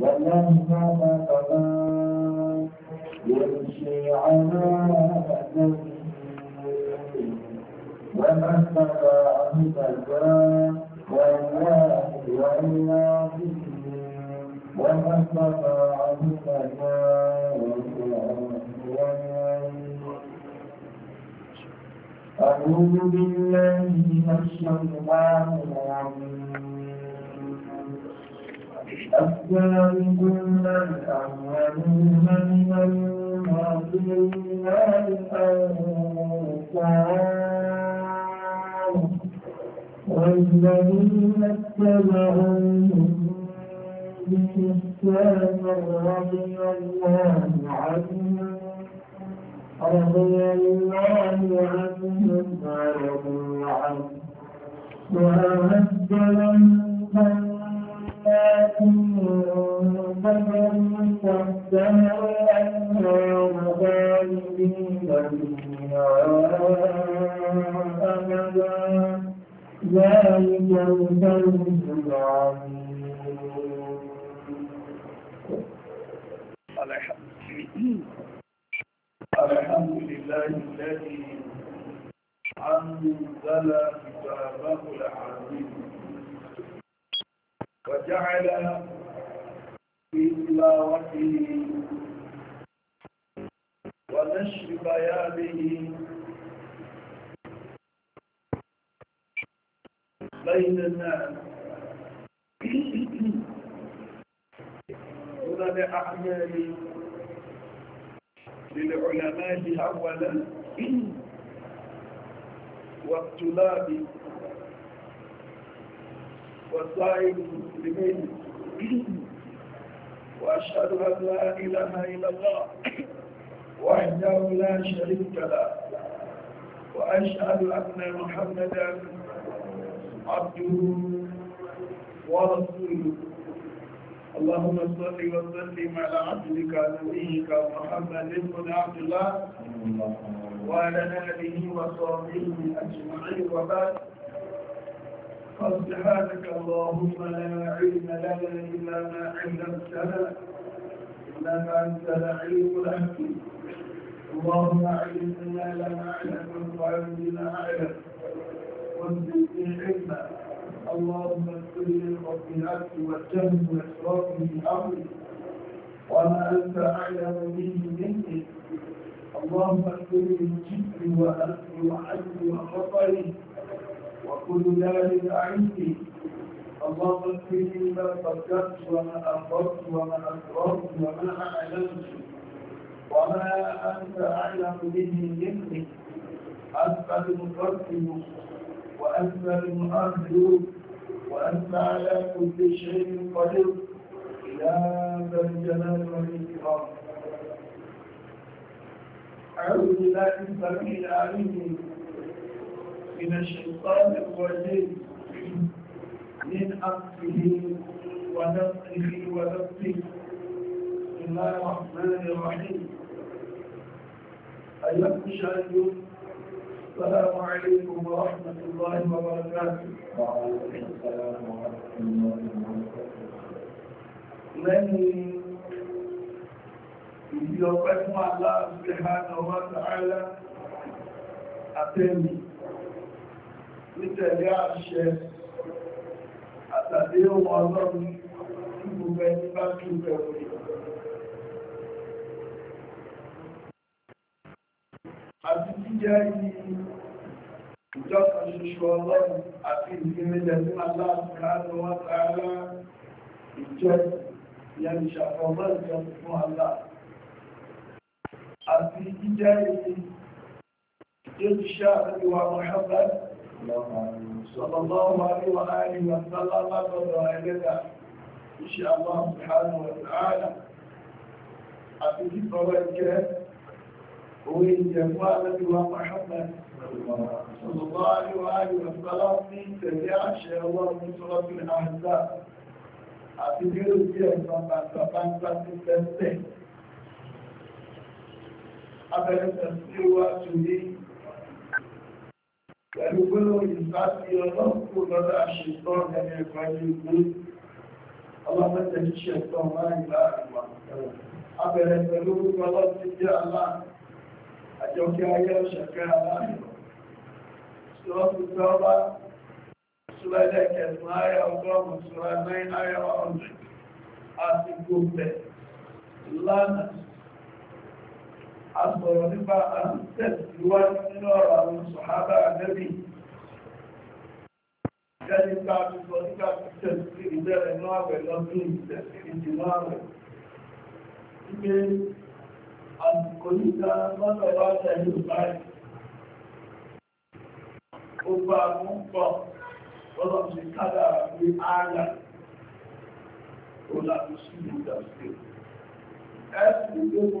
والله خلق ما يمشي على أهله وما استطاع مددا والله والله وما استطاع مددا أعوذ بالله من الشيطان الرجيم الزانقون الأولون من المعظمين الأنصار والذين اتبعوهم بإحسان رضي الله عنهم رضي الله عنهم ورضوا عنه وأعد لهم جنات بطن تحتها الأنهار خالدين فيها ذلك العظيم الحمد لله الذي أنزل كتابه العزيز وجعل في تلاوته ونشر بيانه بين الناس هنا لأعمال للعلماء أولا والطلاب وصائب المسلمين وأشهد أن لا إله إلا الله وحده لا شريك له وأشهد أن محمدا عبده ورسوله اللهم صل وسلم على عبدك نبيك محمد بن عبد الله وعلى آله وصحبه أجمعين وبعد سبحانك اللهم لا علم لنا إلا ما علمتنا إنما أنت العلم الحكيم اللهم علمنا لما أعلم وعلمنا أعلم وزدني علما اللهم اغفر لي خطيئتي والجهل وإسرافي في أمري وما أنت أعلم به مني اللهم اغفر لي جهلي وأسري وحدي وخطئي وكل ذلك عندي اللهم اغفر لي ما قدمت وما اخرت وما اسررت وما اعلنت وما انت اعلم به مني انت المقدم وانت المؤخر وانت على كل شيء قدير يا ذا الجلال والاكرام اعوذ بالله السميع العليم من الشيطان الرجيم من أمره ونفخه ونفسه بسم الله الرحمن الرحيم أيها المشاهدون السلام عليكم ورحمة الله وبركاته وعليكم السلام ورحمة الله وبركاته لن يوقف الله سبحانه وتعالى أتمنى nítẹ̀lé àṣẹ àtàdé ohun ọlọ́run tí gbogbo ẹni bá kí bẹ̀rù àti jíjẹ́ yìí ìjọsìn ṣoṣo ọlọ́run àti ìgbìmẹ̀lẹ̀ fún aláàbùkárù wọn tààrà ìjọ ìyẹn ìṣàfọ̀mọ́ ìjọ fún aláà àti jíjẹ́ yìí ìjọ́ ìṣẹ́ àti ìwà Muhammad صلى الله عليه وآله وسلم فضائلته إن شاء الله سبحانه وتعالى أبيك فوجه وإن جمالة ومحمد صلى الله عليه وآله وسلم في إن شاء الله من سورة الأحزاب أبيك رجع فما تفنسة تستهل أبيك تستهل وأتوليه pẹ̀lú gbọ́nà ìsáàtì ọlọ́pù lọ́dá ṣètọ́ ẹni ẹ̀fàájú ìgbé ọlọ́pẹ́tẹ̀ ṣíṣẹ́ tọ́ láì láàrùwà abẹ̀rẹ̀ pẹ̀lú gbogbo ọlọ́pẹ́ jẹ́ aláà àjọkẹ́ ayé ọ̀ṣẹ̀kẹ́ aláàrùwà ṣọ́pù tọ́lá ṣúlẹ̀lẹ̀ kẹsàn-án ayé ọgọ́rùn-ún ṣúlẹ̀ 9 ayé lánàá a sọ̀rọ̀ nípa àtẹ̀síwájú nínú ọ̀rọ̀ àwọn sọ̀hábà àgẹ́bì gẹ́gẹ́ bá a ti sọ nípa títẹ̀sí ìbẹ̀rẹ̀ náà rẹ̀ lọ́dún ìtẹ̀sí ìdìmọ́ rẹ̀ wípé àsìkò níta lọ́dọ̀ bá tẹ̀lé báyìí ó bá a mú pọ̀ lọ́dọ̀ sí kádà pé ààrẹ ó láti sí ìdàgbé ẹ̀sìn tó kọ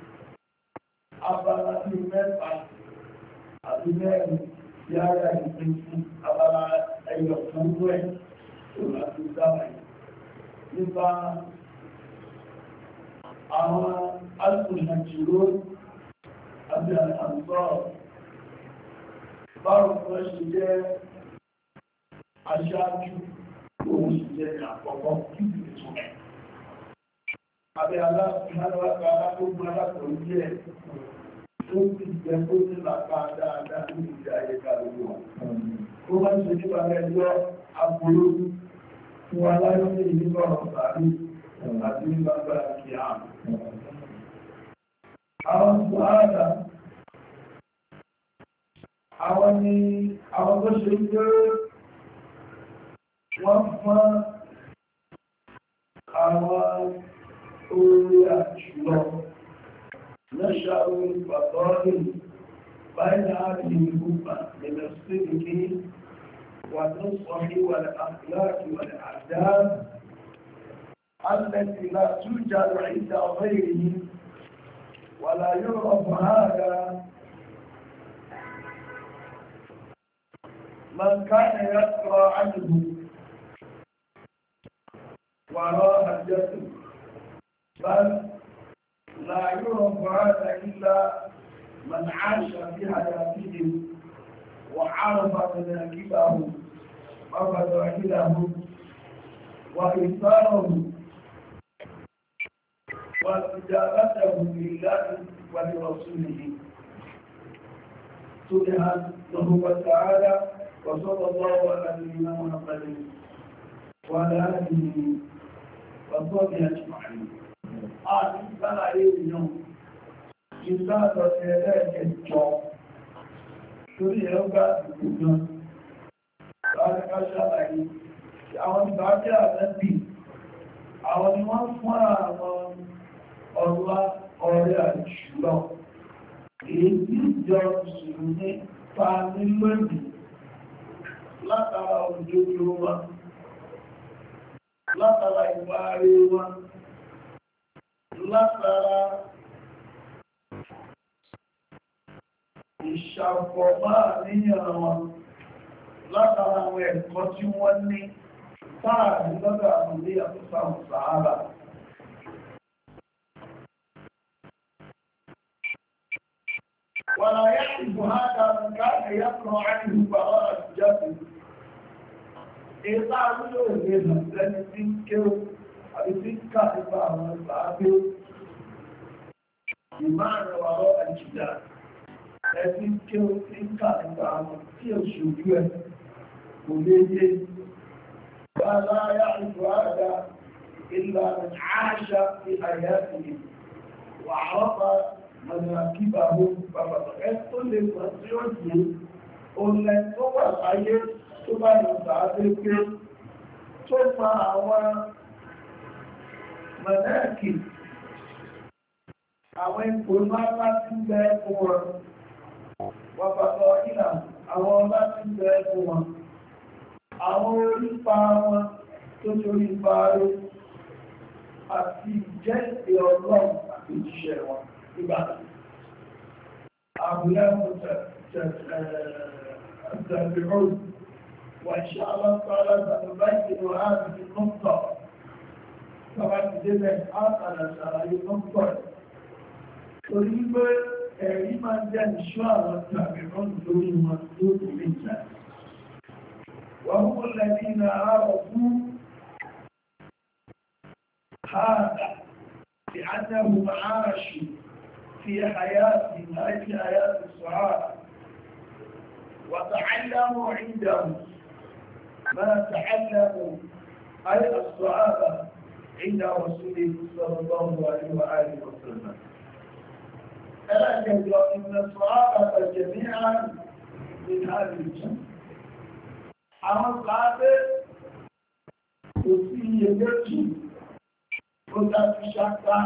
abala bí mẹ́fà àti mẹ́rin yára ìpínkù abala ẹyọ fún rẹ̀ tó láti dáwà yìí nípa àwọn alùpùpù àti àtàntọ́ báwọn kan ṣe jẹ́ aṣáájú òun sì jẹ́ àkọ́kọ́ kíkì abẹ́ aláàbára tó gbára pọ̀ ní ẹ̀ tó ti jẹ́ kó ní làpá dáadáa ní ìdí ayé kàlùkù wọn. ó máa ń ṣe nípa ẹjọ́ agbóró fún aláyọ́ ní ìdíkọ̀ ọ̀rọ̀ sàárì àti nígbàgbà kì á. àwọn tó ààdà àwọn ni àwọn tó ṣe ń gbé wọ́n fún àwọn أولى شراء نشأ الفضائل بين هذه الأمة من الصدق والنصح والأخلاق والآداب التي لا توجد عند غيره ولا يعرف هذا من كان يقرأ عنه وراء الجسد بل لا يعرف هذا إلا من عاش في حياتهم وعرف مناكبهم وفضائلهم وإيثارهم واستجابتهم لله ولرسوله سبحانه وتعالى وصلى الله على نبينا محمد وعلى آله وصحبه أجمعين àti ìgbàláyé ìyàn ìgbà àtọ̀sẹ̀ ẹlẹ́ẹ̀kẹjọ torí ẹ̀rọgbà ìgbògbọ́n láríká ṣàlàyé àwọn ìbájẹ́ àtẹ́bì àwọn ni wọ́n fún àwọn ọlá ọrẹ àjùlọ èyí jọ ìṣòro ní ta nílòdì látara òjòjò wa látara ìwà rẹ̀ wọn مثلا ìṣàpọ̀ máa níyàn wọn látara àwọn ẹ̀kọ́ tí wọ́n ní táàrí lọ́dọ̀ àwọn ilé àtúnṣà sàárà wàlá yá ìbò hádà káàkiri yàtọ̀ àìhùgbà ọ̀rọ̀ ìjọ́sìn èyí láàrín lóòrè nà lẹ́ni tí ń kéwò àbíbí káàkiri àwọn ìbáàbí ìmáàrin wà lọ àjíjà ẹbí kí ó ti káàkiri àwọn tí ó ṣojú ẹ kò lè yé bá láyá ìlú àdá ìlà àṣà ti àyà ìlú wà tó wà láyé tó bá yọ̀ sàádé pé tó fa àwọn mọ̀lẹ́kì àwọn ipò ńláńlá tí ń bẹ fún wọn wàbàtọ̀ ìlà àwọn ọlá tí ń bẹ fún wọn àwọn orípa wọn tó torí parí àti ìjẹ́ ìpè ọlọ́run àti ìjíṣẹ́ wọn nígbà àbúlé ọ̀tẹ̀ التابعون وإن شاء الله تعالى سنبين هذه النقطة bàbá ti débẹ̀ àtàlà ṣàlàyé nọ́mbà torí pé ẹ̀rí máa ń jẹ́ ìṣọ́ àwọn tàbí rán lórí wọn tó kò ní ìjà wọ́n mú lẹ́bí na àárọ̀ fún هذا لأنه معاش في حياة من أجل حياة الصحابة وتعلموا عندهم ما تعلموا أي الصحابة عند رسوله صلى الله عليه وآله وسلم ألا يجرى أن الصحابة جميعا من هذه الجنة أما الصحابة وفيه يجري وتأتي شكا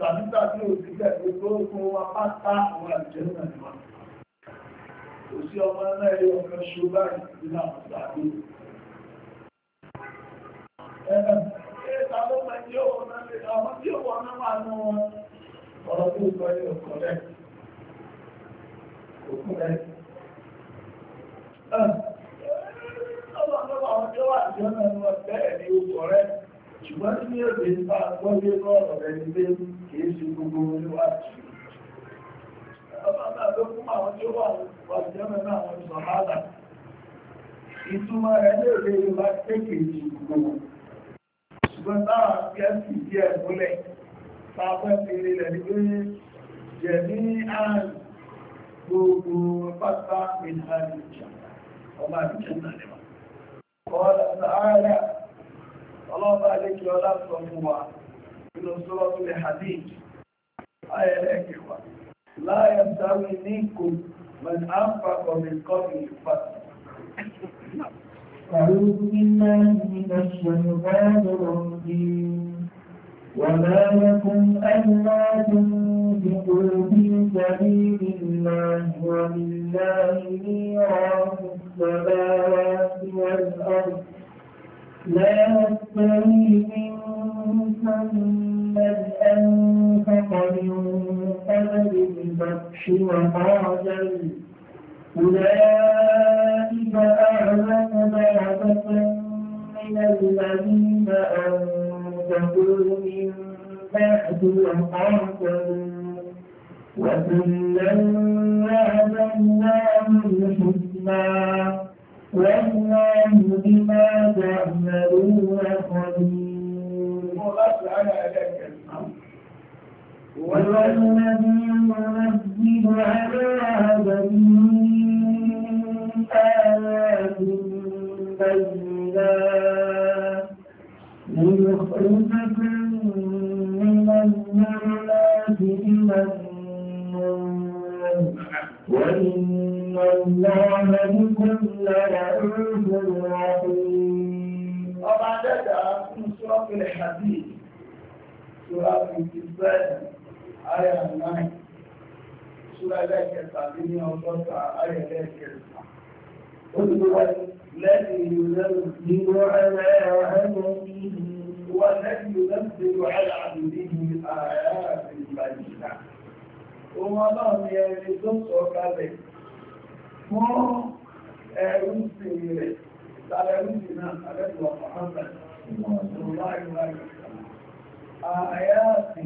tàbí في òṣìṣẹ́ gbogbo ogun wa pátá àwọn àjẹ́nà ìwà kò sí ọmọ ta ló mẹ́ tí ó wọ́n náà lè ọmọ tí ó wọ́n náà wà nù ọ̀rọ̀ tó sọ yìí òkú rẹ̀ òkú rẹ̀ ọlọ́lọ́wọ́ àwọn tí ó wà tí ó náà lọ bẹ́ẹ̀ ni ó sọ rẹ̀ ṣùgbọ́n tí ní èdè ń bá gbọ́dé lọ́rọ̀ rẹ̀ ní pé kìí ṣe gbogbo oníwájú ọlọ́lọ́wọ́ tó fún àwọn tí ó wà wà tí ó náà àwọn ìsọ̀mọ́lá ìtumọ̀ rẹ̀ ní èdè Yorùbá kéèkéèjì gbogbo ṣùgbọ́n táà kí ẹ sì díẹ̀ múlẹ̀ pàápẹ́ ti rí rẹ̀ ní pé jẹ̀ ní àárín gbogbo pátá ìlànà ìjà ọmọ wa nínú sọ́rọ́ tó lè hadith ayẹlẹ́kẹ̀wà láyé sáré ní kò mẹ́ta ń pàkọ̀ mi kọ́ mi أعوذ بالله من الشيطان الرجيم وما لكم ألا تنفقوا في سبيل الله ولله ميراث السماوات والأرض لا يستوي منكم من أنفق من قبل البطش وقاتل أولئك أعلم درجة من الذين أنفقوا من بعد وقاتلوا وكلا وعدناهم الحسنى والله بما تعملون خبير والذي ينزل على عبده آيات بينات ليخرجكم من الظلمات إلى النور وإن الله بكم لرؤوف رحيم وبعد ذلك في سورة الحديث سورة الانتفاضة آية 9 سورة ذاكرة 38 آية ذاكرة قل هو الذي ينزل على عبده والذي ينزل على عبده الآيات البينات وما لم يلزم صحبه fún ẹ̀rù sí rẹ̀ lára ẹ̀rù sí náà àrẹ́sùwà Muhammad àyàtì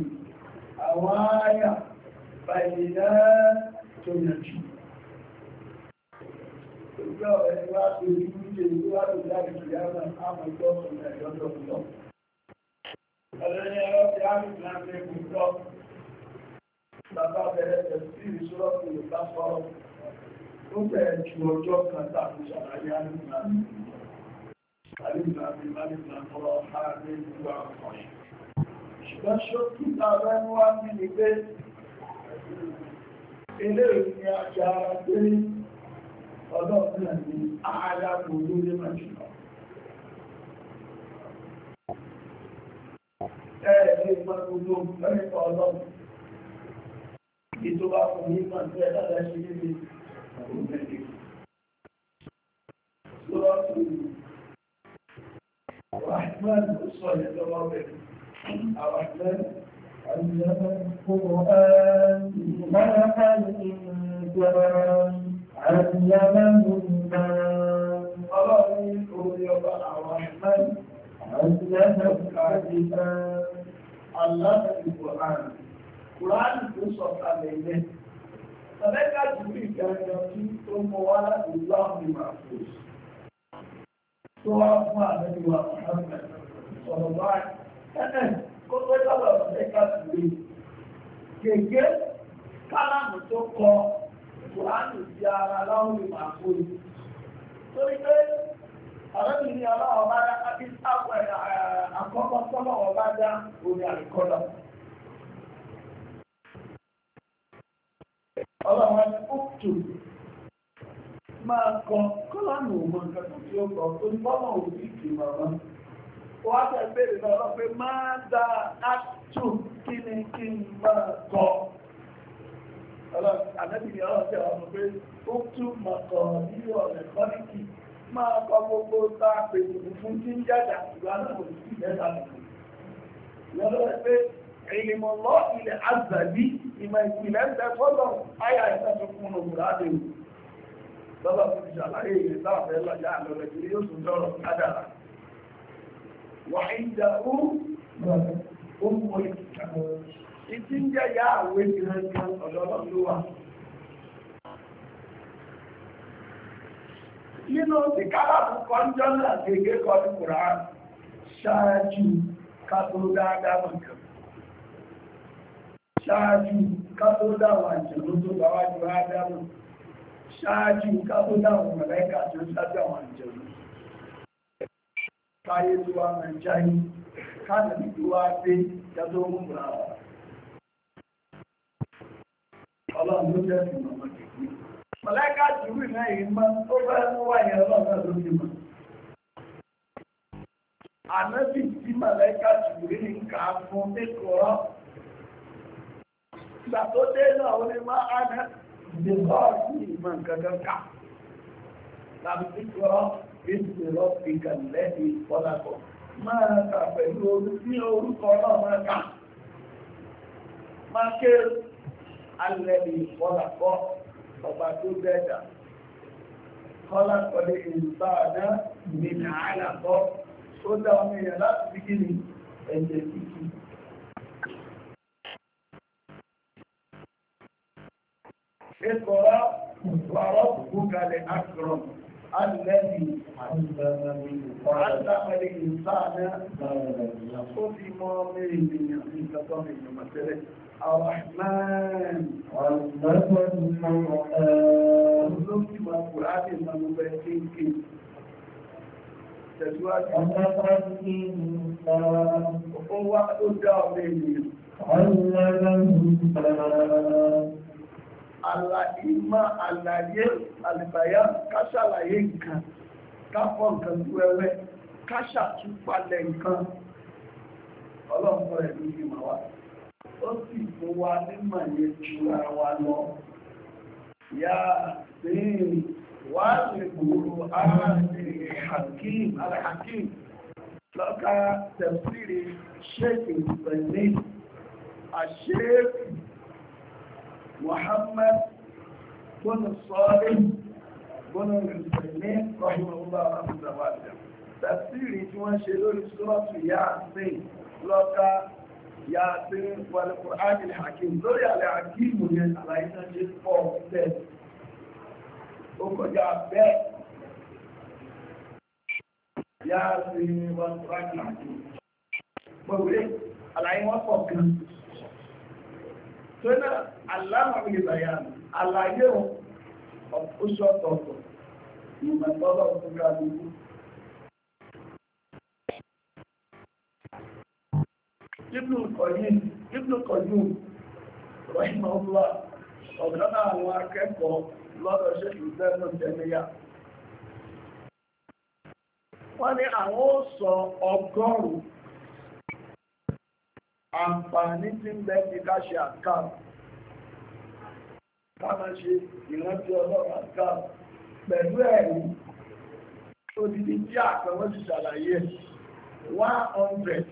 ìjọ ẹni wá tó ní ìjẹ ìlú wá tó jáde ìjẹ àwọn àmọ́ ìjọ ọ̀sán ẹ̀yọ́ tó ń lọ. ọ̀lẹ́ni ẹ̀rọ ti á ní ìlànà ẹ̀kú lọ. bàbá bẹ̀rẹ̀ tẹ̀sí ìṣúrọ̀ kò lè bá sọ̀rọ̀. ó bẹ̀rẹ̀ ju ọjọ́ kan tàbí ṣàlàyé àlùmá. àlùmá mi má ní ìlànà ọ̀há ní ìlú àwọn ṣùgbọ́n ṣókí tààrẹ wá ní ilé ilé ìrìn àjà àgbẹ̀yìn ọlọ́run náà ní aláàbò lórí màjìlá ẹ̀ẹ́dẹ́ ìpàdúgbò mẹ́rin ọlọ́run ìjọba kò ní màjìlá dáadáa ṣe níbi ọ̀gbẹ́ni lọ́ọ̀tù rahman sọ ìjọba bẹ̀rẹ̀ àwọn ẹgbẹ́ علم القرآن ما الإنسان علمه المن قرأي قرب الرحمن علمه العجبان علم القرآن قرآن تصف عليه Sọ̀rẹ́ká jùlọ ìgbàgbọ́ tí ó mọ wá láti láàmì màfúùs. Tó wá fún àdéhùn àwọn kùránì sí ara láwọn ìmọ̀ torí pé ọ̀rẹ́bìnrin ni ọlọ́wọ́ bá dá àkọ́kọ́ bá dá ni ó tù máa kọ kọ́lánù òmò nǹkan tó fi ó kọ tó ní bọ́lọ̀ òbí kì màmá. wọ́n á fẹ́ bèèrè lọ́wọ́ pé Àdábìnrin ọ̀sẹ̀ ọmọ pé ó tún mọ̀kọ̀ nínú ọ̀rẹ́ kọ́nìkì máa kọ gbogbo ta pèsè fún tí ń jàjà ìgbà náà kò sí mẹ́ta nìkan. Lọ́dọ̀ rẹ̀ pé ìlìmọ̀ lọ ilẹ̀ àzàbí ìmọ̀ ìpìlẹ̀ ń bẹ fọ́lọ̀ ayà ìsẹ́fẹ́kún òwúrọ̀ àdéhù. Lọ́dọ̀ fún ìṣàlàyé ìlẹ̀ sáàfẹ́ lọ́jà àlọ́rẹ̀ tí yóò tún tọrọ̀ kádàrà. Wà ń jà ó, ó mọ ìkàkọ̀. ìdí ń jẹ́ ìyá àwé ìrìnkan ọ̀dọ́lọ́run ló wà nínú ti kálábù kọjọ́ náà gẹ́gẹ́ kọ́ ní Kùrán ṣáájú kátó dáadáa nǹkan ṣáájú kátó dáwọn àjẹ̀ló tó bá wájú ádámù ṣáájú kátó dáwọn mọ̀lẹ́kà tó ṣáájú àwọn àjẹ̀ló káyé tó wá nàìjíríà kánàbí tó wá dé jẹ́ tó mú Kùrán wà ọlọ́run ló jẹ́ sí ọmọ kìí. Mọ̀lẹ́ká jùlọ náà yìí mọ́ tó fẹ́ mú wáyé ọlọ́run ló ti mọ̀. Ànábì tí mọ̀lẹ́ká jùlọ ní ká fún ẹ̀kọ́. Ìgbà tó dé náà ó ní máa áná ìdè bọ́ọ̀ sí orúkọ náà máa kà. Máa kéèrè alẹ́bí kọ́lákọ́ ọba tó bẹ́ẹ̀dà kọ́lákọ́lé ìrùbá àdá nínú àlàkọ́ ó dá omi rẹ̀ láti fi kí ni ẹ̀jẹ̀ kíkì Ekọ̀rọ̀ wàrọ̀ gúgalẹ̀ akọ̀rọ̀ alẹ́bí àtàkàlẹ̀ ìsáàdá ó fi mọ́ mẹ́rin ènìyàn ní ìtàkọ́ ìjọmọ̀ tẹ́lẹ̀. Àwọ̀hàn ọ̀lọ́gbọ̀n mọ̀ ọ̀lọ́gbọ̀n mọ̀ láti mọ̀ lọ́gbẹ̀ tí ń kí. Tẹ̀síwájú ọ̀lọ́gbọ̀n tí ń kọ́. Ó wá ó dá ọmọ ènìyàn. Àlàìmọ̀ àlàyé àlìbàyá káṣàlàyé nǹkan, káfọ́ nǹkan tó ẹwẹ́, káṣàtúpalẹ̀ nǹkan, ọlọ́pọ̀ ẹ̀lú ìmọ̀ wa ó sì fún wa nímọ̀ yẹn jura wa lọ yá sí wà lè gbòòrò ara ní hakim alhakim lọ́ka tẹ̀síri ṣéèkì pẹ̀lú àṣéèkì Muhammad bọ́nù sọ́ọ́lẹ̀ bọ́nù ìrìnlẹ̀ rọ́hìmọ̀lá àti ìjọba tẹ̀síri tí wọ́n ṣe lórí sọ́ọ̀tù yá sí lọ́ka ياسين والقرآن الحكيم لوري على حكيم من على إنجيل فوق سيد وكجا بيت ياسين والقرآن الحكيم بقولي على إيه وفوق sọ́nà aláàmì ìbàyàn àlàyé oṣù ọ̀tọ̀ọ̀tọ̀ ìmọ̀tọ́lọ̀ fún kálukú ibnu kọ̀yìn ibnu kọ̀yìn rọ̀hìmọ̀ ọlọ́wà ọ̀gánà àwọn akẹ́kọ̀ọ́ lọ́dọ̀ ṣe ìfẹ́nu tẹ̀míyà wọ́n ní àwọn ó sọ ọgọ́rùn-ún àǹfààní tí ń bẹ ní ká ṣe àkáà ká máa ṣe ìrántí ọlọ́run àkáà pẹ̀lú ẹ̀rí odidi tí àpẹwọ́n ti ṣàlàyé 100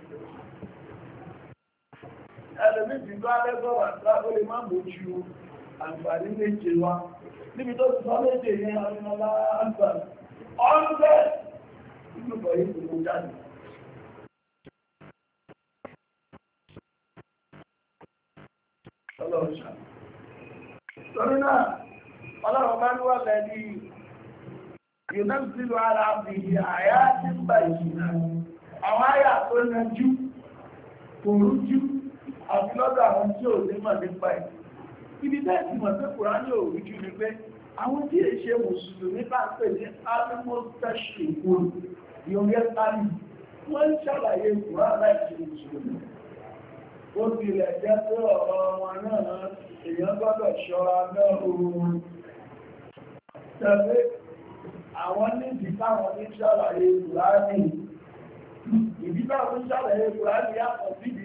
ẹlẹ́mí ti gbọ́ alẹ́gbọ́wà tábólé má bójú àǹfààní méje wá níbi tó ti sọ méje yẹn ọmọlá àǹfààní ọ̀nbẹ́ ìlúbọ̀ yìí kò jáde ihe àwọn àyà tó yanjú kò àti lọ́dọ̀ àwọn tí ò ní mọ̀ nípa ẹ̀ ibi bẹ́ẹ̀ ti mọ̀ pé kùránì ò rí jù ní pé àwọn tí èyí ṣe mùsùlùmí bá pè ní alimọ́tẹ́ṣì ìkòrò yọ̀ngẹ́ tani wọ́n ń ṣàlàyé kùránì láìsí mùsùlùmí ó tilẹ̀ jẹ́ pé ọ̀rọ̀ wọn náà èèyàn gbọ́dọ̀ ṣọ́ra náà oòrùn tẹ̀lé àwọn níbi táwọn ní ṣàlàyé kùránì ìbí táwọn ń ṣàlàyé kùránì yàtọ̀ síbi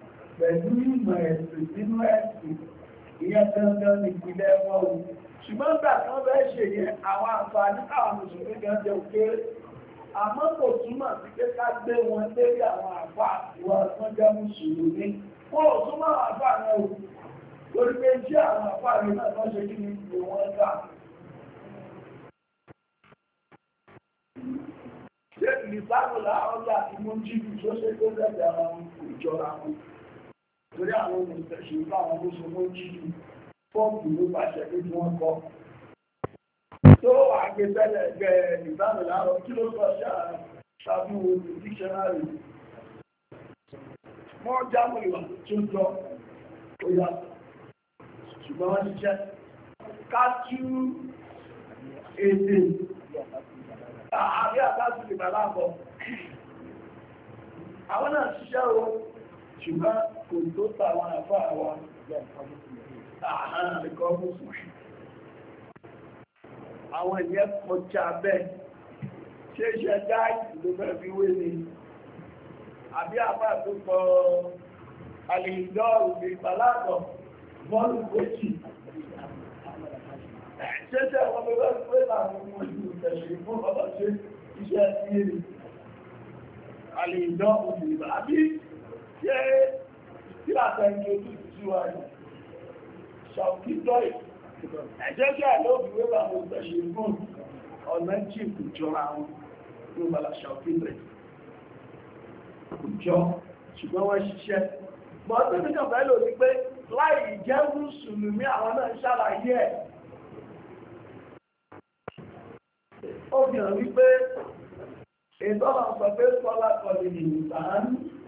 pẹ̀lú ìmọ̀ ẹ̀sìn nínú ẹ̀sìn ìyẹn dandan nìpínlẹ̀ wọn o ṣùgbọ́n gbà kan bẹ́ẹ̀ ṣe yẹn àwọn àǹfààní àwọn mùsùlùmí gan jẹ òkèrè àmọ́ kò túmọ̀ sí pé ká gbé wọn lérí àwọn àfà ìwà tó jẹ́ mùsùlùmí wọn ò túmọ̀ àwọn àfà rẹ o torí pé jẹ́ àwọn àfà rẹ náà tó ṣe kí ni ìwọ̀n ká ṣé ìlú sáàrùn láàárọ̀ láti mú jíjù tó ṣe tó dẹ̀dẹ̀ àwọn ìjọra wọn torí àwọn olùfẹ̀ṣẹ̀ ìfà àwọn oṣù mọ́ jíjù fọ́ọ̀kì ló pàṣẹ pé wọ́n kọ́ tó àgbẹ̀tẹ́lẹ̀ ẹgbẹ́ ìbámu láàárọ̀ kí ló sọ ṣáàbù dictionary mọ́ jámù ìwà tó jọ ó yàtọ̀ ṣùgbọ́n wọ́n ti jẹ́ kájú èdè àbí àtàkùn ìbàlábọ̀ àwọn náà ṣiṣẹ́ wọn ṣùgbọ́n kò tó tàwọn àfá àwa àhán àríkọ́ mùsùlùmí àwọn ìyẹn kọjá bẹ́ẹ̀ ṣe iṣẹ́ dáì ló fẹ́ fi wé ni àbí àbá tó pọ̀ àlèjọ́ òbí pàlákọ̀ bọ́ọ̀lù méjì ṣẹ́ṣẹ́ wọn ló lọ́sí pé láàrin ọmọ ìlú tẹ̀sí fún ọlọ́ṣẹ́ iṣẹ́ sí èrè àlèjọ́ òbí àbí ṣé tí àtẹ ní ojú ìtújú wa yìí ṣọ̀kí dọ́ì ẹ̀jẹ́ jẹ́ àlọ́ òbíwé bá mo gbẹ̀ ṣe gùn ọ̀nà jì kò jọra wọn ló bá la ṣọ̀kí rẹ̀ kò jọ ṣùgbọ́n wọ́n ṣiṣẹ́ bọ́ọ̀tí mi kàn fẹ́ lò ní pé láì jẹ́ mùsùlùmí àwọn náà ṣàlàyé ẹ̀ ó fi hàn wípé ìtọ́lọ̀ sọ pé kọ́lá kọ́lé ìlú sáà ń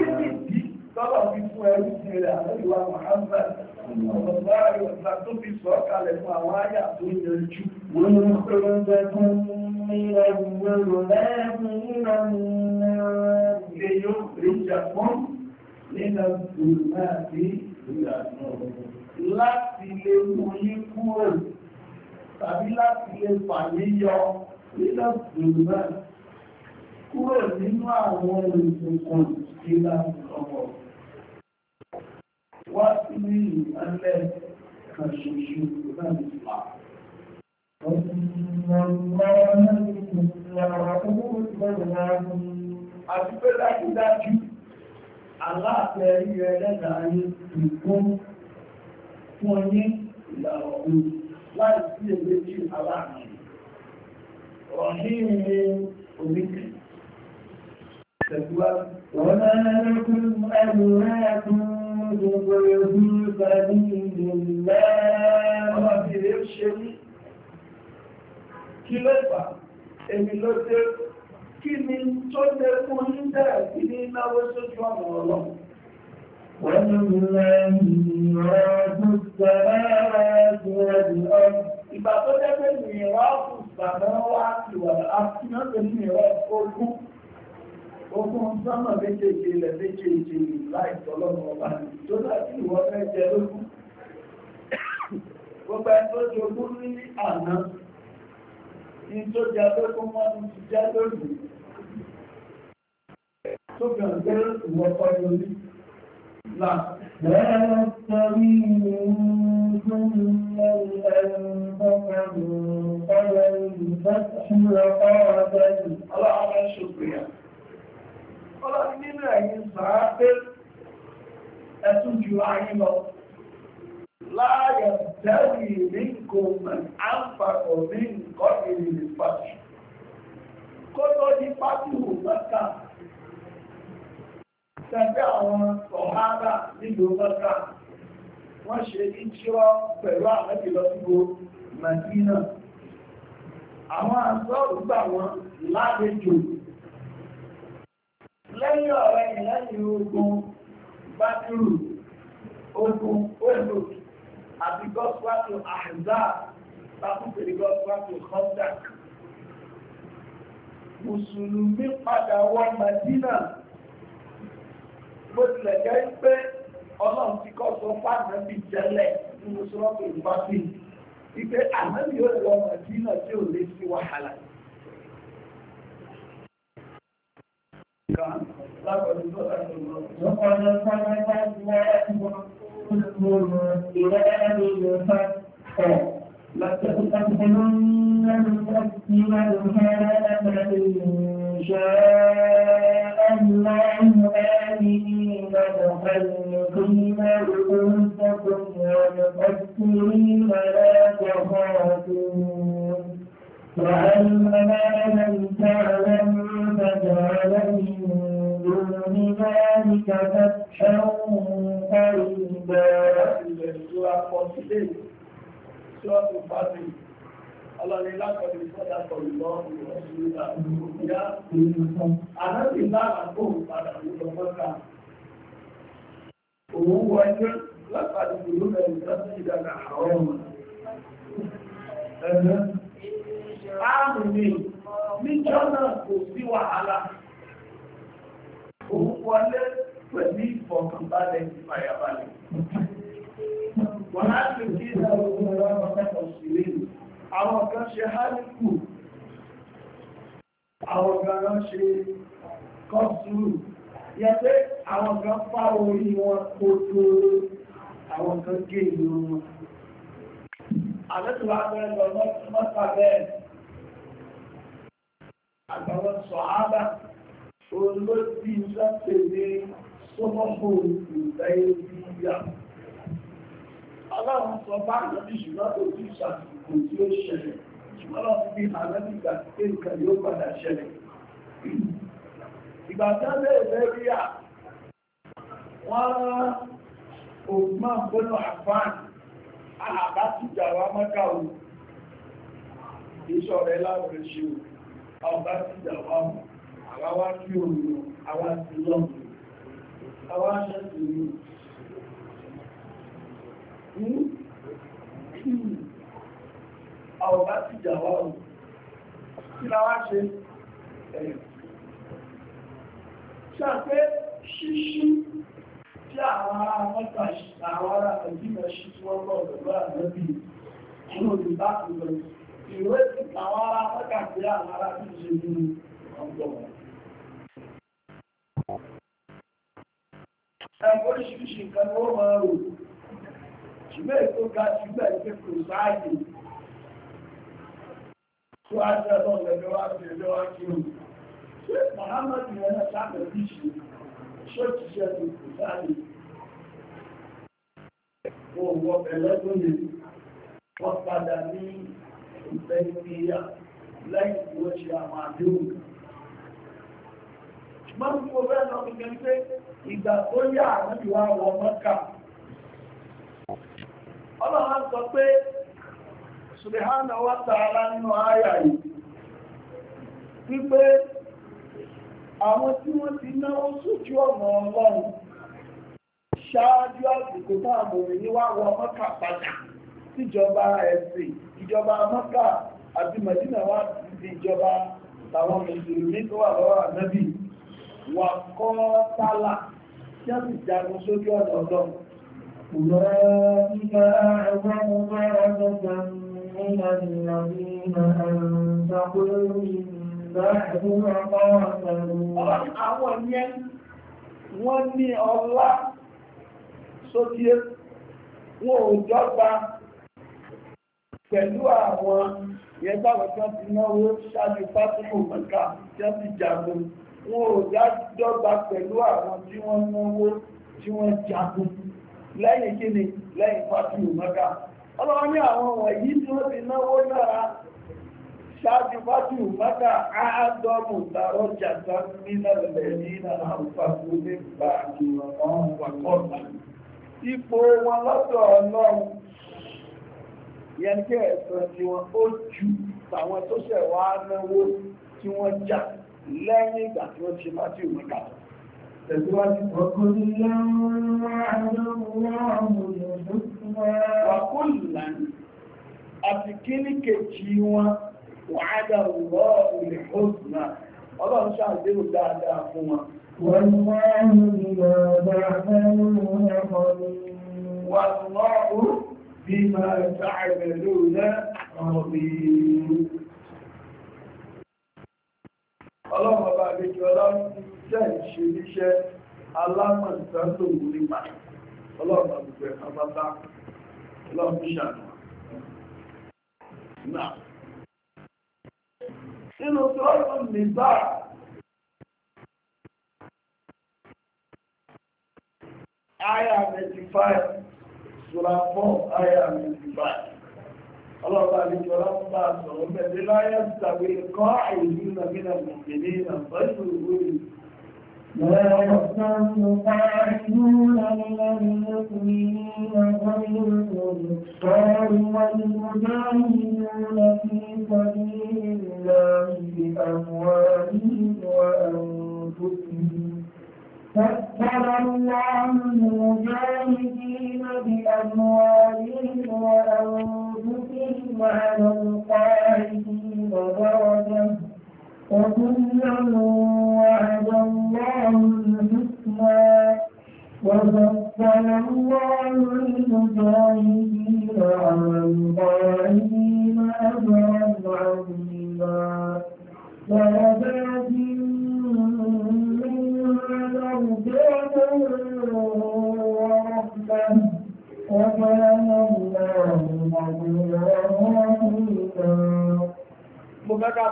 ìdí ìdí tọ́lọ̀ fi fún ẹrú ti rẹ̀ àlọ́yìnwá Muhammad ọ̀pọ̀lọpọ̀ ìwọ̀nba tó fi sọ kalẹ̀ fún àwọn àyà tó yanjú. wọ́n ń pèrò bẹ́tún ní ẹgbẹ̀rún lẹ́ẹ̀kún nínú ẹ̀yọ́ ìjà láti lè mú yín kúrò tàbí láti lè fà nínú ìgbìmọ̀ kúrò nínú àwọn olùgbòkùn ìlà ọ̀pọ̀. Wá sí ní ìpínlẹ̀ kan ṣoṣo láti fà. Àti pé dájúdájú, aláàfẹ́ rí ẹlẹ́dà ayé ìgbón fún ọyé ìlà ọ̀hún láì sí èdè jù aláàrin. Ọ̀hìn ni oníkìí. وما لكم ألا تنفقوا في سبيل الله وبالشريك kí ló fà èmi ló dé kí ni tó lè fún yín dára kí ni náwó sójú ọmọ ọlọ́run. wọ́n ìgbà tó dẹ́gbẹ́ ìrìn wá fún náà wá sí wà á náà tó ní ìrọ̀ ogún sámà méjèèjì ilẹ̀ méjèèjì láìsọ́lọ́mọ ọba tó láti ìwọ fẹ́ jẹ lógún gbogbo ẹni tó jogún ní àná ní tó jẹ lógún wọn ti jẹ lógún tó kàn gbé ìwọ́pọ̀ lórí لا يستوي منكم الأنفق من قبل الفتح وقاتل الله على شكرها ọlọ́rin nínú ẹ̀yin sàá pé ẹ̀tún ju ayé lọ láàyè tẹ́lì ní gòmìn àǹfààkọ̀ ní nǹkan ìrìnlẹ̀ pàtì kó tó di pàtì wò mẹ́ta tẹ́lẹ̀ àwọn sọ̀hádà nílùú mẹ́ta wọ́n ṣe ìṣọ́ pẹ̀lú àmẹ́bí lọ́sígbó Màdínà àwọn àṣọ́ ìgbà wọn lálejò lẹ́yìn ọ̀rẹ́ ìlẹ́yìn ogun bátírù ogun odò àti gọ́sùwàtò àhìzá tàbùkèrè gọ́sùwàtò kọ́ńdàk mùsùlùmí padà wọ Mádínà bó tilẹ̀ jẹ́ pé ọlọ́run ti kọ́ sọ fáànà bíi tẹ́lẹ̀ nínú sọ́rọ́pù ìbátí wípé àmọ́ mi ò lọ Mádínà tí ò lè sí wàhálà yìí. وقد صدق الله رسوله إلى الفتح لتستقبلن المسجد الحرام إن شاء الله آمنين محلقين رؤوسكم ومقصرين لا تخافون وأما من تعلم فجعل من دون ذلك فتحا قريبا Ọlọ́ni lápẹ̀lú sọ́dá pọ̀lú lọ́wọ́ ìrọ̀lúdà ìrọ̀lúdà. Àdájì lára tó ń padà lọ mọ́ta. Òun wọ ẹjọ́ lápàdé ìlú mẹ́rin tó ń ìdàgbà àwọn ọmọ ààrùn ni níjọ́ náà kò sí wàhálà òun wọlé pẹ̀lú ìfọ̀kànbalẹ̀ ìfàyàbalẹ̀ wọ́n á sì kí ìdáwọ̀ ọmọ ọmọ mẹ́ta òṣèlú àwọn kan ṣe hálíkù àwọn kan ṣe kọ́sùrù yẹ́pẹ́ àwọn kan fá orí wọn kó tó àwọn kan gé ìlú wọn àlẹ́tùwà bẹ́ẹ̀ lọ mọ́ta bẹ́ẹ̀ àtàwọn sọ̀hábà olóòtú ìṣàpèlè sọ́mọ́bù ìdáyébíyà. Ọlọ́run sọ bá àjọ́bí ṣùgbọ́n kò tí ìṣàkùnkù tí ó ṣẹlẹ̀, ṣùgbọ́n lọ fi àlẹ́bìgbà tí nǹkan yóò padà ṣẹlẹ̀. Ìgbà tẹ́lẹ̀ ìbẹ́ríà, wọ́n rán Ògbọ́n Bólú Àfáàn, àbátújà wa mọ́kà òun, ìṣọ̀rẹ́ láwọn ẹ̀ṣẹ́ òun ọba ti jà wọ́n àwa wá kí òun àwa ti lọ́pù àwa ṣe sí ní ọba ti jà wọ́n kí la wá ṣe ṣàpé ṣíṣí tí àwọn ará mọ́ta àwọn ará ọdún ẹ̀ṣí tí wọ́n lọ́ọ̀dọ̀ lọ́wọ́ àjọ́bí inú olùbá ìgbẹ̀rẹ̀ ìwé tí àwọn ará mẹ́ta sí àwọn ará tí ṣe ní ọjọ́ ẹgbẹ́ oríṣiríṣi nǹkan ni ó máa rò ṣùgbẹ́ ètò ga jù gbẹ̀ pé kò sáàyè tó á jẹ́ lọ́n lẹ́gbẹ́ wá sí ẹgbẹ́ wá kí o ṣé Mohammed yẹn náà ìfẹ́síyà lẹ́yìn tí ó ṣe àwọn àdéhùn ọlọ́run sọ pé subhanahu wa ta'ala nínú àyà yìí wípé àwọn tí wọ́n ti náwó sójú ọ̀nà ọlọ́run ṣáájú àsìkò wọ mọ́kà ẹ̀sìn ìjọba mọ́kà àti mẹ́dínà wá ti ìjọba tàwọn mùsùlùmí tó wà lọ́wọ́ ànábì wà kọ́ tálà tí a sì jagun sókè ọ̀nà ọ̀dọ́ àwọn yẹn wọ́n ní ọlá sókè wọn ò jọba pẹ̀lú àwọn yẹgbàwọ̀ tí wọ́n ti náwó ṣáájú fásitì mẹ́ka tí wọ́n ti jagun wọn ò dọ́gba pẹ̀lú àwọn tí wọ́n náwó tí wọ́n jagun lẹ́yìn kíni lẹ́yìn fásitì mẹ́ka ọlọ́wọ́ ní àwọn wọ̀nyí tí wọ́n ti náwó náà ṣáájú fásitì mẹ́ka àádọ́mù dàrọ́ jàdá nílẹ̀ nínú àwọn fásitì mẹ́ka ìyẹn kí ẹ̀sán tí wọ́n ó ju tàwọn tó ṣẹ̀ wá náwó tí wọ́n jà lẹ́yìn ìgbà tí wọ́n ṣe má tí òun kà tẹ̀síwájú. wàkúlà àti kíní kejì wọn wàhádà wọ́ ilẹ̀ hósùnà ọlọ́run ṣàdéhùn dáadáa fún wọn. wọ́n máa ń lọ bá a fẹ́ lóun ẹ̀kọ́ ni. wàlúwàá بما تعملون رضيم ọlọ́run ọba àgbẹ̀kì ọlọ́run tẹ́ ìṣe níṣẹ́ alámọ̀sánlò nípa ọlọ́run àgbẹ̀kì ọlọ́pàá ọlọ́run ṣàánà náà nínú tí ọlọ́run nìbá àyà 25 Sura 4, Aya 95. Ọlọ́pàá àdìjọra ń bá sọ̀rọ̀ bẹ̀rẹ̀ láyé ìtàwé kọ́ àìyí nàmínà mọ̀kìnní àbájú ìwé لا يصنع فاعلون من المؤمنين غير الكفار والمجاهدون في سبيل الله بأموالهم وأنفسهم فكر الله المجاهدين بأموالهم وأنفسهم على القاعدين درجة وكلا وعد الله الحسنى وفضل الله المجاهدين على القاعدين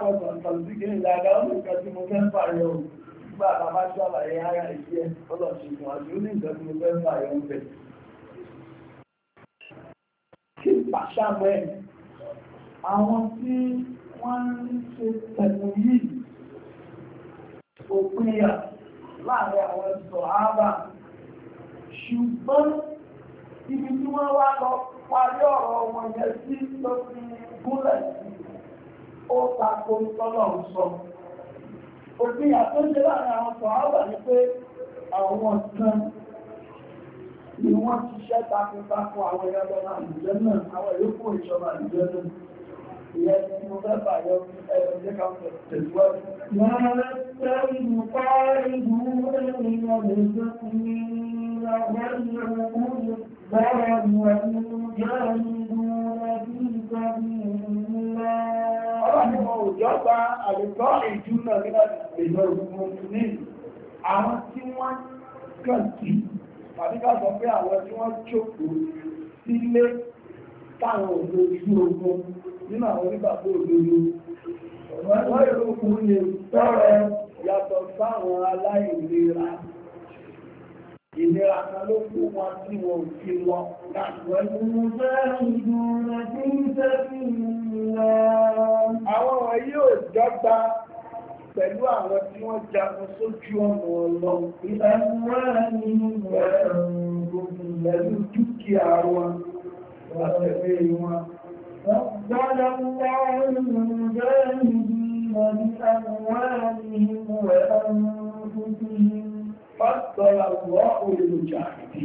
mọ́sàn tàbíkì ìlàdá ó nìkan tí mo fẹ́ fàyọ nígbà bàbá ṣàlàyé ara ìṣẹ́ ọlọ́ṣìṣẹ́ àti ó ní nǹkan tí mo fẹ́ fàyọ ń bẹ̀. kí pàṣàmọ́ ẹ̀ àwọn tí wọ́n ń ṣe tẹ̀lé yìí òpinya láàrin àwọn ẹ̀sọ̀ ábà ṣùgbọ́n ibi tí wọ́n wá lọ parí ọ̀rọ̀ wọn yẹn sí lọ́sí gúnlẹ̀ ó tako tọ́lọ̀ ń sọ. Òfin àtúnṣe láàrin àwọn sọ̀hábà ni pé àwọn kan ni wọ́n ti ṣẹ́ takuntakọ àwọn ìyàbọ̀nà àlùjẹ́ náà, àwọn ìyókù ìṣọ́nà àlùjẹ́ náà. Ìyẹn tí mo fẹ́ bàyọ̀ ẹ̀rọ jẹ́ ká tẹ̀síwájú. Wọ́n lọ sẹ́rí mú párí mú ènìyàn lè tó ti ní ọgbẹ́ ìrọ̀kú bẹ́ẹ̀ mú ẹ̀mú jẹ́ ìlú ẹbí ìgbẹ́ ọlọ́nìmọ̀ òjọ́gbà àlùkọ́ ìjúnà ní ìjọ ìmọ̀lùmí àwọn tí wọ́n kàntí tàbí ká sọ pé àwọn tí wọ́n jókòó sílé táwọn olójú ogun nínú àwọn onígbàgbọ́ òdodo wọ́n èrò òkú lè tọ́rọ yàtọ̀ sáwọn aláìlera ìlera kan ló kó tí wọn fi lọ pẹ̀lú àwọn tí wọ́n jagun sójú ọ̀nà ọlọ́run. ìlànà nínú ẹ̀rùn pẹ̀lú dúkìá wọn àtẹ̀lé wọn. Ọ̀gbọ́dọ̀ láàrin ìjọ́ ìrìn àmì àwọn fásitọ́lá wọ́ olùjà ìdí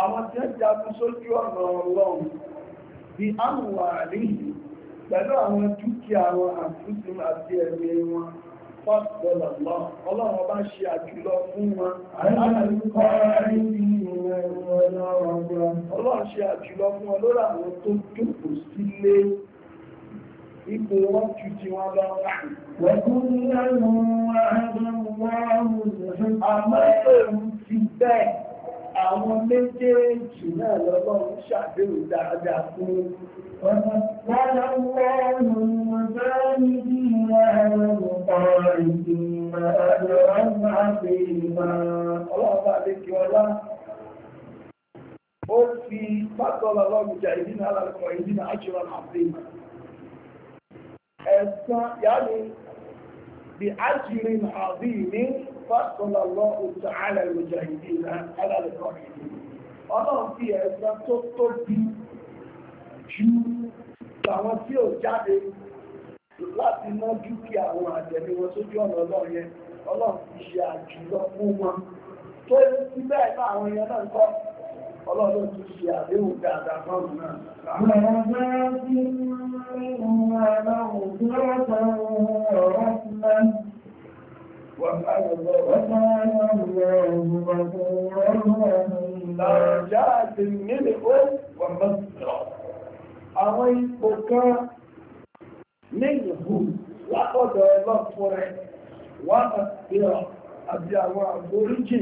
àwọn tí ó jagun sójú ọ̀nà ọlọ́run bí àmùwà àríyìn pẹ̀lú àwọn dúkìá wọn àtúntì àti ẹ̀mí wọn fásitọ́lá lọ ọlọ́run bá ṣe àjùlọ fún wọn ọlọ́run ṣe àjùlọ fún wọn lórí àwọn tó وكلا وعد الله الحسنى àmọ́ òun ti bẹ́ẹ̀ àwọn méjèèjì náà lọ́wọ́ ń ṣàdéhùn dáadáa fún wọn. Ó fi pátọ́lá lọ́gbìjà ìdínà alàkọ̀ ìdínà àjọ́rọ̀ àfihàn. Ẹ̀sán yàá ni بأجر عظيم فضل الله تعالى المجاهدين على القاعدين ọlọ́run fi ẹ̀san tó tóbi ju àwọn tí ò jáde láti ná dúkìá àwọn àtẹ̀lé wọn sójú ọ̀nà ọlọ́run yẹn ọlọ́run fi ṣe àjùlọ fún wọn tó ti bẹ́ẹ̀ náà àwọn ń kọ́ ọlọ́run ti ṣe àdéhùn dáadáa fáwọn náà. Àwọn ipò kan ní ìhù látọ̀dọ̀ ọlọ́pọ̀ rẹ̀ wá àti àwọn àgbóríjì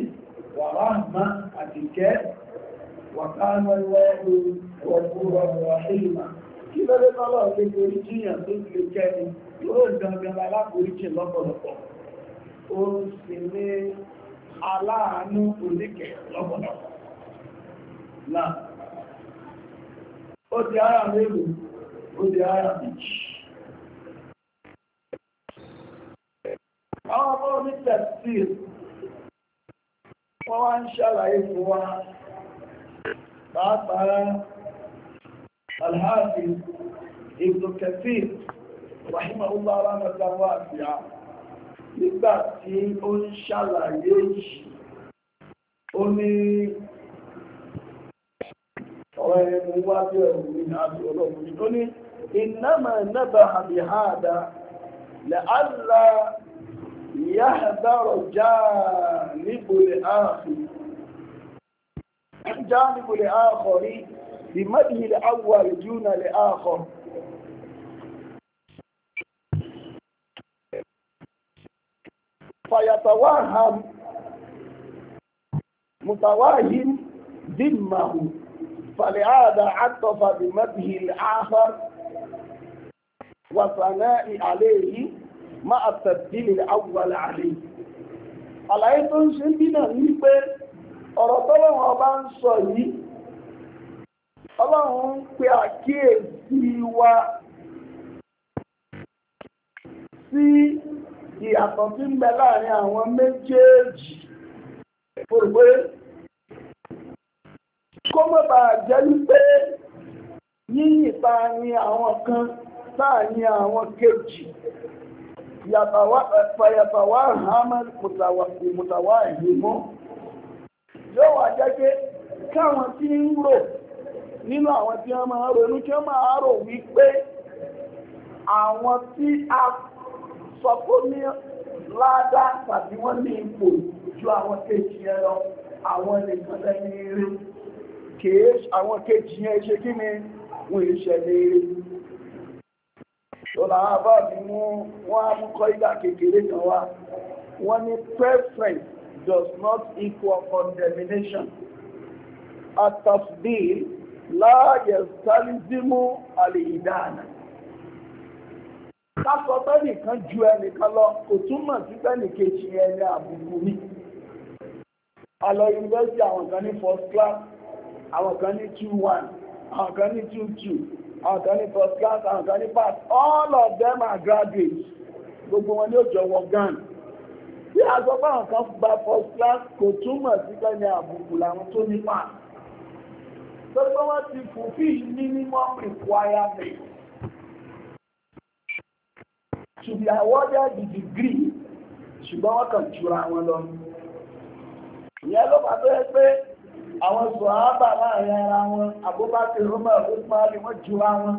wà láàmà àti kẹ́ وكان الله غفورا رحيما kí lọ́dẹ́ tọ́lọ̀ lè borí jíyàn tó lè kẹ́ni yóò dandan aláboríjì lọ́pọ̀lọpọ̀ ó sì ní aláàánú oníkẹ̀ lọ́pọ̀lọpọ̀ náà di ara mélòó ó di ara méjì àwọn ọmọ onítẹ̀sí wọ́n بعد الحافي ابن كثير رحمه الله رحمه الله واسعه نبقى في ان شاء الله يجي أني إنما نبح بهذا لئلا يحذر جانب الآخر الجانب الآخر بمده الأول دون لآخر فيتوهم متواهم ذمه فلهذا عطف بمده الآخر وثناء عليه مع التبديل الأول عليه. Àlàyé tó ń ọ̀rọ̀ tọ́lọ́run ọba ń sọ yìí ọlọ́run ń pe àkíyèsí wa sí ìyàtọ̀ tí ń bẹ láàrin àwọn méjèèjì fòròpé kó mọ̀ bá jẹ́ wípé yíyìn ta ni àwọn kan láàrin àwọn kejì yàtàwá ẹ̀fà yàtàwá hàmà mùtàwá ìmọ̀ yóò wà jẹ́ pé káwọn tí ń rò nínú àwọn tí wọ́n máa ronú kí wọ́n máa rò wípé àwọn tí a sọ pé ní ládá tàbí wọ́n ní ipò ju àwọn kejì yẹn lọ àwọn nìkan lẹ́ni eré kèé àwọn kejì yẹn ṣe kí ni wọ́n ìṣẹ̀lẹ̀ eré ṣọ́lá àbá mi mú wọ́n á mú kọ́ ìdá kékeré kan wá wọ́n ní preference does not equal condemnation. التفضيل لا يستلزم الإدانة. Ká sọ pé nìkan ju ẹnìkan lọ, kò túmọ̀ sí pẹ́ẹ́nì kejì ẹni àbùkù mi. A yunifásitì àwọn kan ní first class, àwọn kan ní two one, àwọn kan ní two two, àwọn kan ní first class, àwọn kan ní pass. All of them are graduates. Gbogbo wọn ni ó jọ wọ Ghana tí a sọ pé àwọn kan gba first class kò túmọ̀ sí pé ní àbùkù làwọn tó ní mà tó pé wọ́n ti fulfill minimum requirement to be awarded the degree ṣùgbọ́n wọ́n kàn jura wọn lọ ìyẹn ló bá bẹ́ẹ̀ pé àwọn sọ̀hábà láàrin ara wọn Abubakar Umar Usman wọ́n jura wọn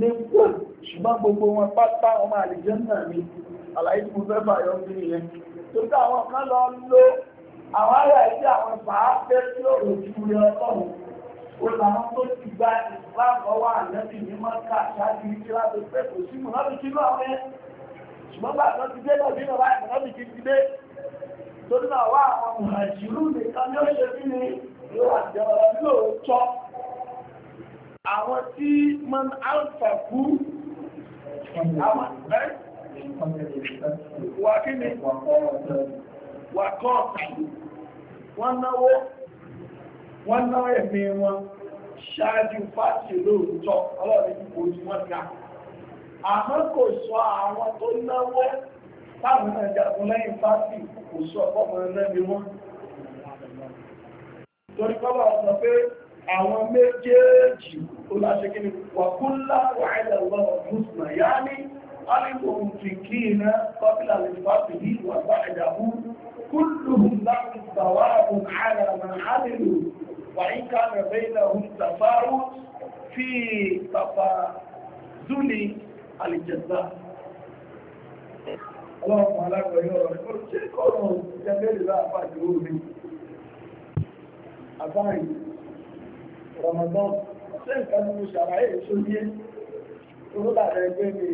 ní pò ṣùgbọ́n gbogbo wọn pátá ọmọ àlìjẹ́ náà ni àlàyé tí mo fẹ́ fàyọ ń bí yẹn tó ká àwọn kan lọ ló àwọn ará ẹ̀jẹ̀ àwọn fàáfẹ́ tí ó rò ju rẹ ọlọ́run ó làwọn tó ti gba ìsìláàmù ọwọ́ àlẹ́bí ní mọ́ká ṣáájú ìdí láti pẹ́ kò sí mọ̀ láti kí náà wẹ́ ṣùgbọ́n bá àtọ́ ti dé lọ nínú láì mọ̀ láti kí ti dé torí náà wá àwọn mùhàjírù nìkan ni ó ṣe bí ni ìwà àjọ àwọn tí mọ́n á fà wà kí ẹ̀mí wọn ṣáájú fásitì lóòótọ́ ọlọ́rin ojú wọn ká àmọ́ kò sọ àwọn tó náwó táwọn náà jagun lẹ́yìn fásitì kò sọ ọ̀pọ̀ mọ̀ ẹ̀lẹ́bí wọn torí kọ́bà ọ̀sán àwọn méjèèjì ó láṣẹ kí ni wàkúnlá wàhálà lọ́wọ́ mùsùlùmá yá ní alìkòhùn fi kí iná kọ́bílà lè fàbí yìí wà bá ìdàmú kúlùhùn láti sàwà àbùn àrà mà hálìlù wà ń alágbẹ̀yọ́ rẹ̀ kó ṣe kọ́rọ̀ jẹ́ mẹ́rìnlá àpájọ́ omi. Àbáyìí Ramadan ṣé nǹkan ní mo ṣàlàyé ìṣòyé owó lára ẹgbẹ́ mi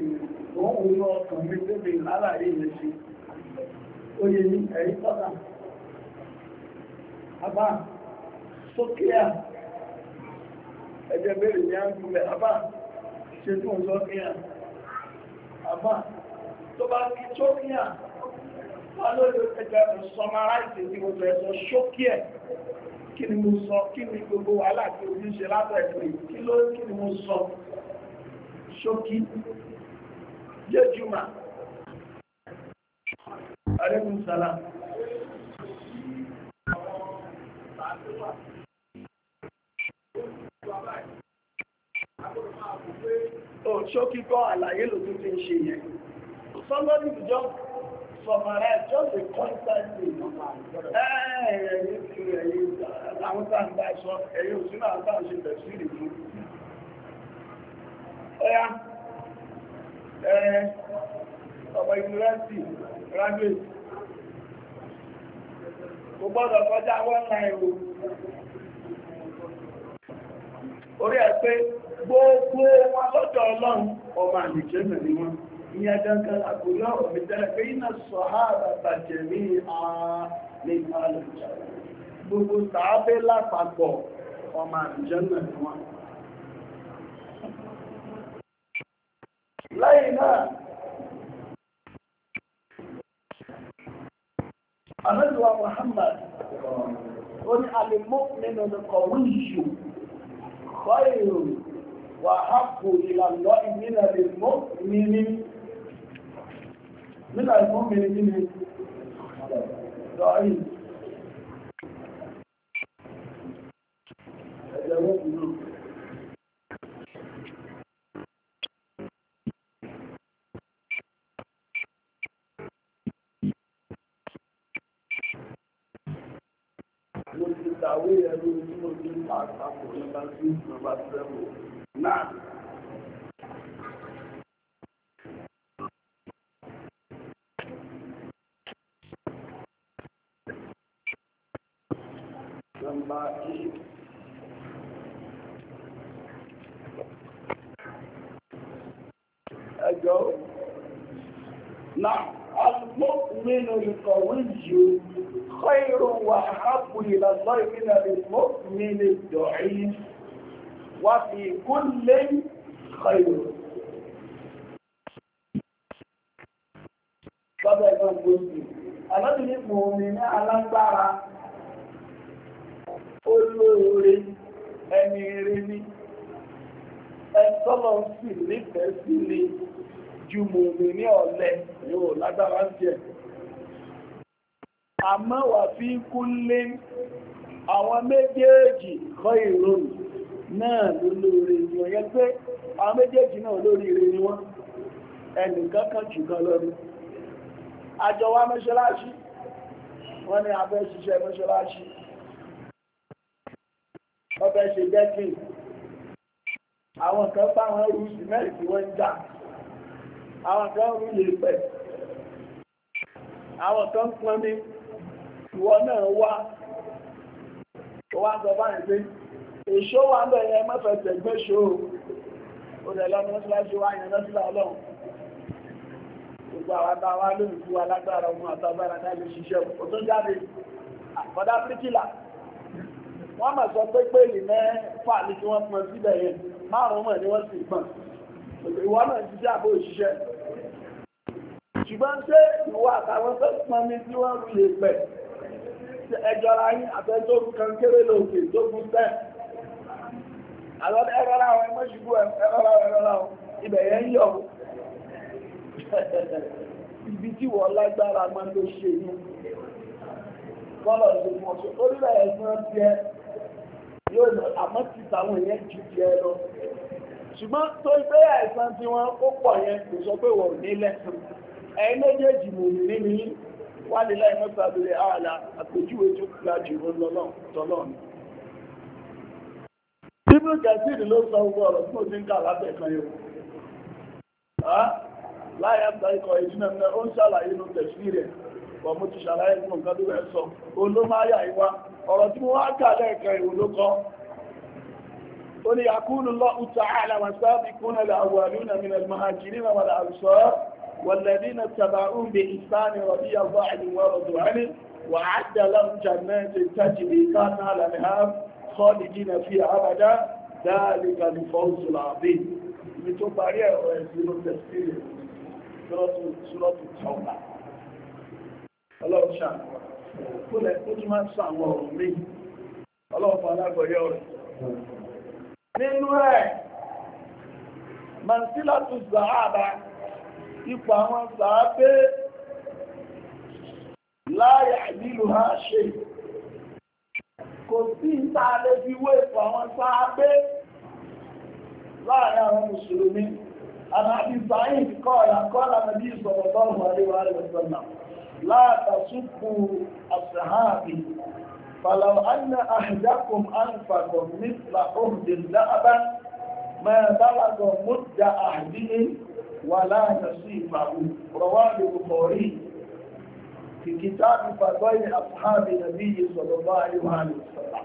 òun orí ọkàn mi tó mi lálàyé ilẹ̀ ṣe ó yẹ ní ẹ̀rí tọ́ta abá sókè à ẹ̀jẹ̀ bẹ̀rẹ̀ ní àgbẹ̀ abá ṣe tó ń sókè à abá tó bá kí sókè à wà lórí ẹ̀jẹ̀ sọmaráìsì tí mo fẹ́ sọ sókè à kí ni mo sọ kí ni gbogbo wàhálà tí o ń ṣe látẹ̀kùn kí ló kí ni mo sọ ṣókí jẹ́júmà alẹ́kùn sálà ó ṣókí kọ́ àlàyé ló tún ti ń ṣe yẹn somebody just summarize just the constancy ẹ̀ẹ́rẹ̀ ti ẹ̀yìn eh, àwọn tàbí sọ ẹ̀yìn òsínà àtàṣe tẹ̀sí ìlú ọya ẹ̀ẹ́ ọ̀pọ̀ university graduate kò gbọ́dọ̀ kọjá wọ́n náà ẹ̀rọ orí ẹ̀ pé gbogbo wọn lọ́jọ́ ọlọ́run ọmọ àdìjẹ́ mẹ́rin wọn ìyẹn gangan àkùnrin ọ̀rọ̀ mi tẹ́lẹ̀ pé iná sọ̀háàbà bàjẹ́ ní ààrẹ ìpàlùjá gbogbo tààbé lápapọ̀ ni wọ́n lẹ́yìn Muhammad ó ní alìmọ́ nínú ọkọ̀wé ìṣù kọ́ ìrò wà hápò ìlànà ìmìnà lè mọ́ nínú nígbà ìfún mi kí ni sọ́rí ẹ̀jẹ̀ wọ́n kù náà Mo ti tàwé ẹ̀rọ tí mo ti ń pa àpapọ̀ nígbà tí ìjọba tẹ́wọ̀. المستيقن بالمؤمن الضعيف وفي كل خير lọ́dọ̀ ẹ̀gbọ́n gbòógì alábìnrin mòmí ní alágbára olóore ẹni eré ní ẹ̀tọ́lọ́ sì nífẹ̀ẹ́ sí ni ju mòmí ní ọ̀lẹ yóò lágbára jẹ àmọ́ wà fi kú lé àwọn méjèèjì kọ́ ìròyìn náà lólórí ni wọ́n yẹ pé àwọn méjèèjì náà lórí ire ni wọ́n ẹnìkan kan jù àjọ wa mọ́ṣáláṣí wọ́n ní abẹ́ ṣiṣẹ́ mọ́ṣáláṣí ọbẹ̀ ṣe dẹ́kìn àwọn kan bá wọn rú sìmẹ́rì tí wọ́n ń jà àwọn kan rú yèèpẹ̀ àwọn kan pọnmi ìwọ náà wá ó wá sọ báyìí pé èso wa ń bẹ̀rẹ̀ mọ́fẹ̀sẹ̀ gbéṣó o rẹ̀ lọ́nà mọ́síláṣí wá yẹn lọ́sílá ọlọ́run gbogbo àwọn àtàwọn alóòrùn fún alágbára ọmọ àtàbára dájú ṣiṣẹ́ o tó jáde àkọ́dá píríkìlà wọ́n mọ̀ sọ pé pé ìlú mẹ́fà ní kí wọ́n pọn síbẹ̀ yẹn márùn-ún mọ̀ ni wọ́n sì pọn ìwọ náà ṣiṣẹ́ àbó òṣìṣẹ́ ṣùgbọ́n ṣé ìwọ àtàwọn tó pọn ní tí wọ́n rú lè pẹ̀ ẹjọ́ra yín àtẹ́jọ́rù kan kéré lóòkè tó kú tẹ́ àwọn ẹ̀rọra àwọn ẹmọ́ ṣubú ẹ̀rọra ẹ̀rọra ibẹ̀ yẹn yọ̀ ṣùgbọ́n tó gbé ẹ̀sán tí wọ́n ó pọ̀ yẹn kò sọ pé wọ́n ò ní lẹ́sìn ẹ̀yin wà lè láì mọ́ta lórí ààlà àpèjúwe tó ga jù lọ tọ́lọ́ ni. Bíbí Kẹ̀sìrì ló sọ gbogbo ọ̀rọ̀ tó ti ń kà lábẹ́ kan yóò. Láyé àgbà ikọ̀ ìdínà mẹ́ ó ń ṣàlàyé inú tẹ̀sí rẹ̀. Bọ̀ mo ti ṣàlàyé fún nǹkan tó rẹ̀ sọ. Olómáyà ìwá ọ̀rọ̀ tí mo wá kà lẹ́ẹ̀kan والذين اتبعوهم بإحسان رضي الله عنهم ورضوا عنه وأعد لهم جنات تجري تحتها الأنهار خالدين فيها أبدا ذلك الفوز العظيم nítorí ọ̀rọ̀ ẹ̀sìn ló tẹ̀sí sọ́rọ̀tù tọ́ọ̀bà ọlọ́ọ̀ṣà kúlẹ̀ ó tún máa sàwọn ọ̀rọ̀ mi ọlọ́ọ̀pọ̀ alágbọ̀yọ́ rẹ̀ nínú ẹ̀ mọ̀sílá ipò àwọn sàábé láyà nílùú ha ṣe kò sí ìta lè fi wé ipò àwọn sàábé láàrin àwọn mùsùlùmí àmàbí sàáyìn kọ́ọ̀lá kọ́ọ̀lá nàbí ìsọ̀rọ̀lọ́rùn àríwá àríwá látàṣùkú àṣàhábì فلو أن أحدكم أنفق مثل أهد ذهبا ما بلغ مد أحدهم wà láàrín sí ìpàwò rọwàlù kọ̀rí fi kìtàbí fàgbọ́ ilẹ̀ àfáàbì nàbí ìsọ̀lọ́bá àríwáàlù sọ̀rọ̀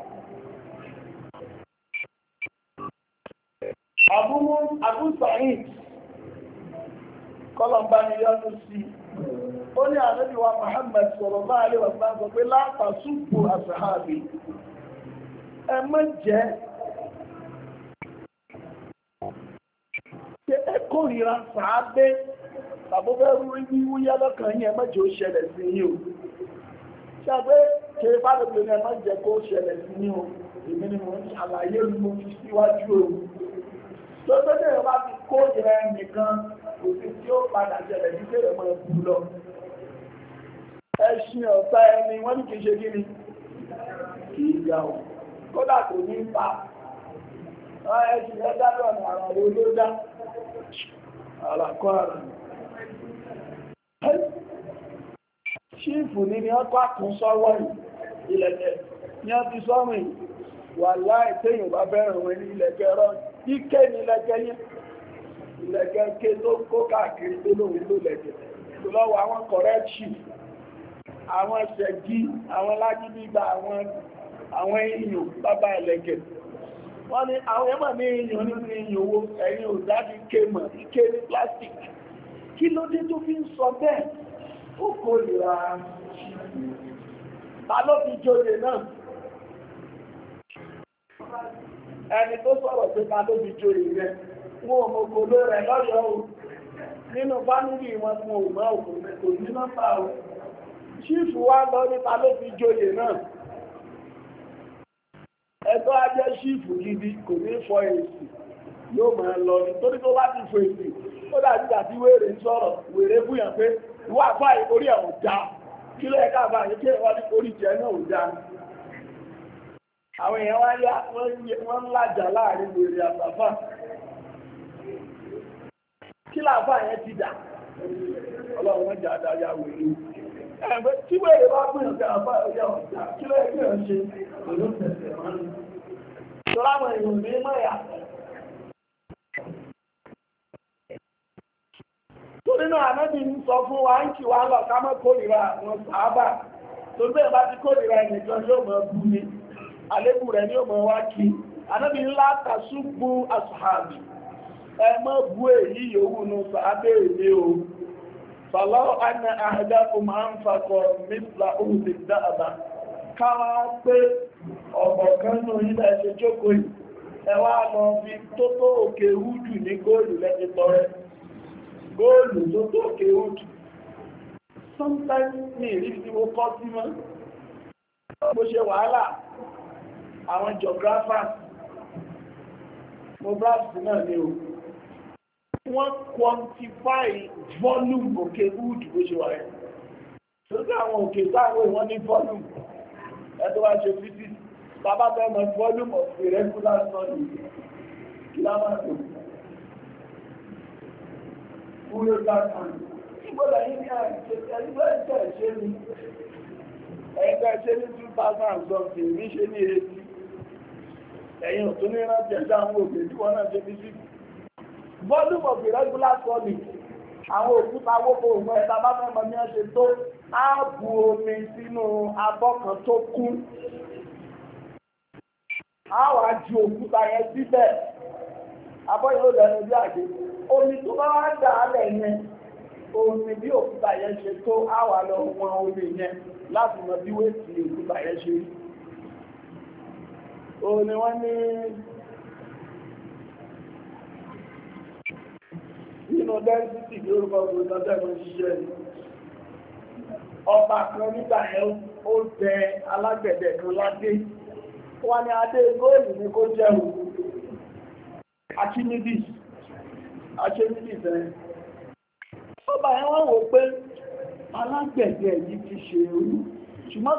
Abu Sa'id kọlọ̀mbá ni yọ́nú sí ó ní ànábì wa Muhammad sallallahu alaihi wasallam sọ pé fẹ́ kórìíra sàábé tàbúfẹ́ rúrí ní wúyá lọ́kàn yẹn mẹ́jọ ó ṣẹlẹ̀ sí yín o ṣàbẹ́ ṣe fàdébìlì ní ẹmọ́ jẹ kó ṣẹlẹ̀ sí yín o èmi ni mo ń ṣàlàyé mo síwájú o tó tó tẹ̀yẹ̀ fi kórìíra ẹnìkan kò sí tí ó padà ṣẹlẹ̀ sí tẹ̀yẹ̀ mọ́ ẹkú lọ ẹṣin ọ̀tá ẹni wọ́n ní kì ṣe kí ni kì í ga o kódà kò ní pa ẹṣin ẹ̀dá lọ́nà àwọn olódá àràkọ́ra ṣífù ní ni ọkọ̀ àkùn sọ́wọ́ ìlẹ̀kẹ̀ ní ọ ti sọ́rùn wà láì téyìn bá bẹ̀rẹ̀ wọn ní ìlẹ̀kẹ̀ rọ ike ní ìlẹ̀kẹ̀ yẹn ìlẹ̀kẹ̀ ké tó kó káàkiri tó lóhun ló lẹ̀kẹ̀ lọ́wọ́ àwọn kọ̀rẹ́ṣì àwọn ṣẹ̀gí wọ́n ní àwọn ẹ̀mọ̀ ní iyùn nínú iyùn owó ẹ̀yìn ò dájú ké mọ̀ ike ní plastic kí ló dé tó fi ń sọ bẹ́ẹ̀ ó kórìíra ta ló fi joyè náà ẹni tó sọ̀rọ̀ pé ta ló fi joyè rẹ̀ wọn ò mọ̀gbò ló rẹ̀ lọ́yọ̀ọ́ nínú fámílì wọn fún òun náà kò ní nọ́mbà o ṣífù wa lọ nípa ló fi joyè náà ẹ̀tọ́ ajẹ́ ṣífù gidi kò ní fọ èsì yóò máa lọ ní torí tó bá ti fọ èsì ó dàbí àti wèrè ń sọ̀rọ̀ wèrè fúyàn pé ìwà àfáà orí ẹ̀ ò da kí ló yẹ ká àfáà yìí kí ẹ̀wọ́n ní orí jẹ náà ò da àwọn èèyàn wá yá wọ́n ń làjà láàrin wèrè àtàfà kí làfáà yẹn ti dà ọlọ́run wọn jà dáadáa wèrè ẹ̀gbẹ́ tí wèrè bá gbìyànjú àbá ẹ̀yà ọ̀jà kí ló ẹgbẹ́ ọ̀ṣẹ́ pẹ̀lú tẹ̀sẹ̀ máa ń lò láwọn èèyàn ní mọ̀ yàtọ̀. tó nínú ànábì ń sọ fún wa ń kì wá lọ ká mọ́ kórìíra àwọn sàábà tó bẹ́ẹ̀ bá ti kórìíra ẹnìkan yóò mọ̀ bú ni àlébù rẹ̀ ni yóò mọ̀ wá kí ànábì ńlá tàṣùgbù àṣùhàbì ẹ mọ́ bú èyí yòówù nù sàábà èlé fàlọ́ àna àdákù máa ń fakọ̀ mítlà òhùdì dáadáa káwá pé ẹwà lọ fi tó òkè húdù ní góòlù lẹ́ti tọrẹ góòlù tó òkè sometimes ní ìrírí tí mo ṣe wàhálà àwọn geographers mo bá sí náà ní wọ́n quantify volume òkè wood bó ṣe wà rẹ̀ tó ní àwọn òkè sáwọn ìwọ́n ní volume ẹ̀tọ́ wá ṣe fíjì bàbá bẹ́ẹ̀ mọ̀ volume of the regular sun kí lá máa lò kúrò dákan ìgbọ́dọ̀ yìí ní ẹgbẹ́ ìṣẹ́ ìṣẹ́ ni ẹgbẹ́ ìṣẹ́ ní 2000 something ní ṣe ní 80 ẹ̀yìn òtún ní rántí ẹ̀dá àwọn òkè volume of irregular solid àwọn òkúta wọ́pọ̀ òun ẹ̀ta bá fẹ́ mọ ní ọ̀ṣẹ́ tó ààbò omi sínú abọ́ kan tó kú àwọn àjù òkúta yẹn síbẹ̀ abọ́ yóò lẹ́nu bí àjẹ́ omi tó bá wá dà á lẹ̀ yẹn omi bí òkúta yẹn ṣe tó àwà lọ wọn omi yẹn láti mọ bí wéètì òkúta yẹn ṣe rí òun ni wọ́n ní nínú dẹ́ńsítì ní orúkọ pòlítọ́tẹ́ ló ń ṣiṣẹ́ ọba kan nígbà yẹn ó tẹ alágbẹ̀dẹ kan ládé wọ́n ní adé góòlù ní kó jẹ́ òun ọba wọ́n wò pé yìí ti ṣe òun ṣùgbọ́n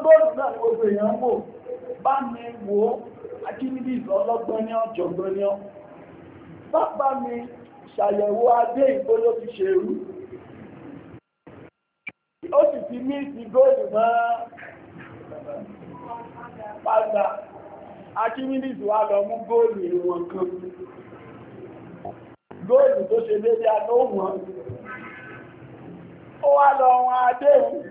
góòlù ṣàyẹ̀wò adé ìgbó ló fi ṣerú ó sì ti ní ti góòlù mọ́ padà akínílìsì wa lọ mú góòlù ìwọ̀n kan góòlù tó ṣe lédé atóhùn ó wá lọ wọn adéhùn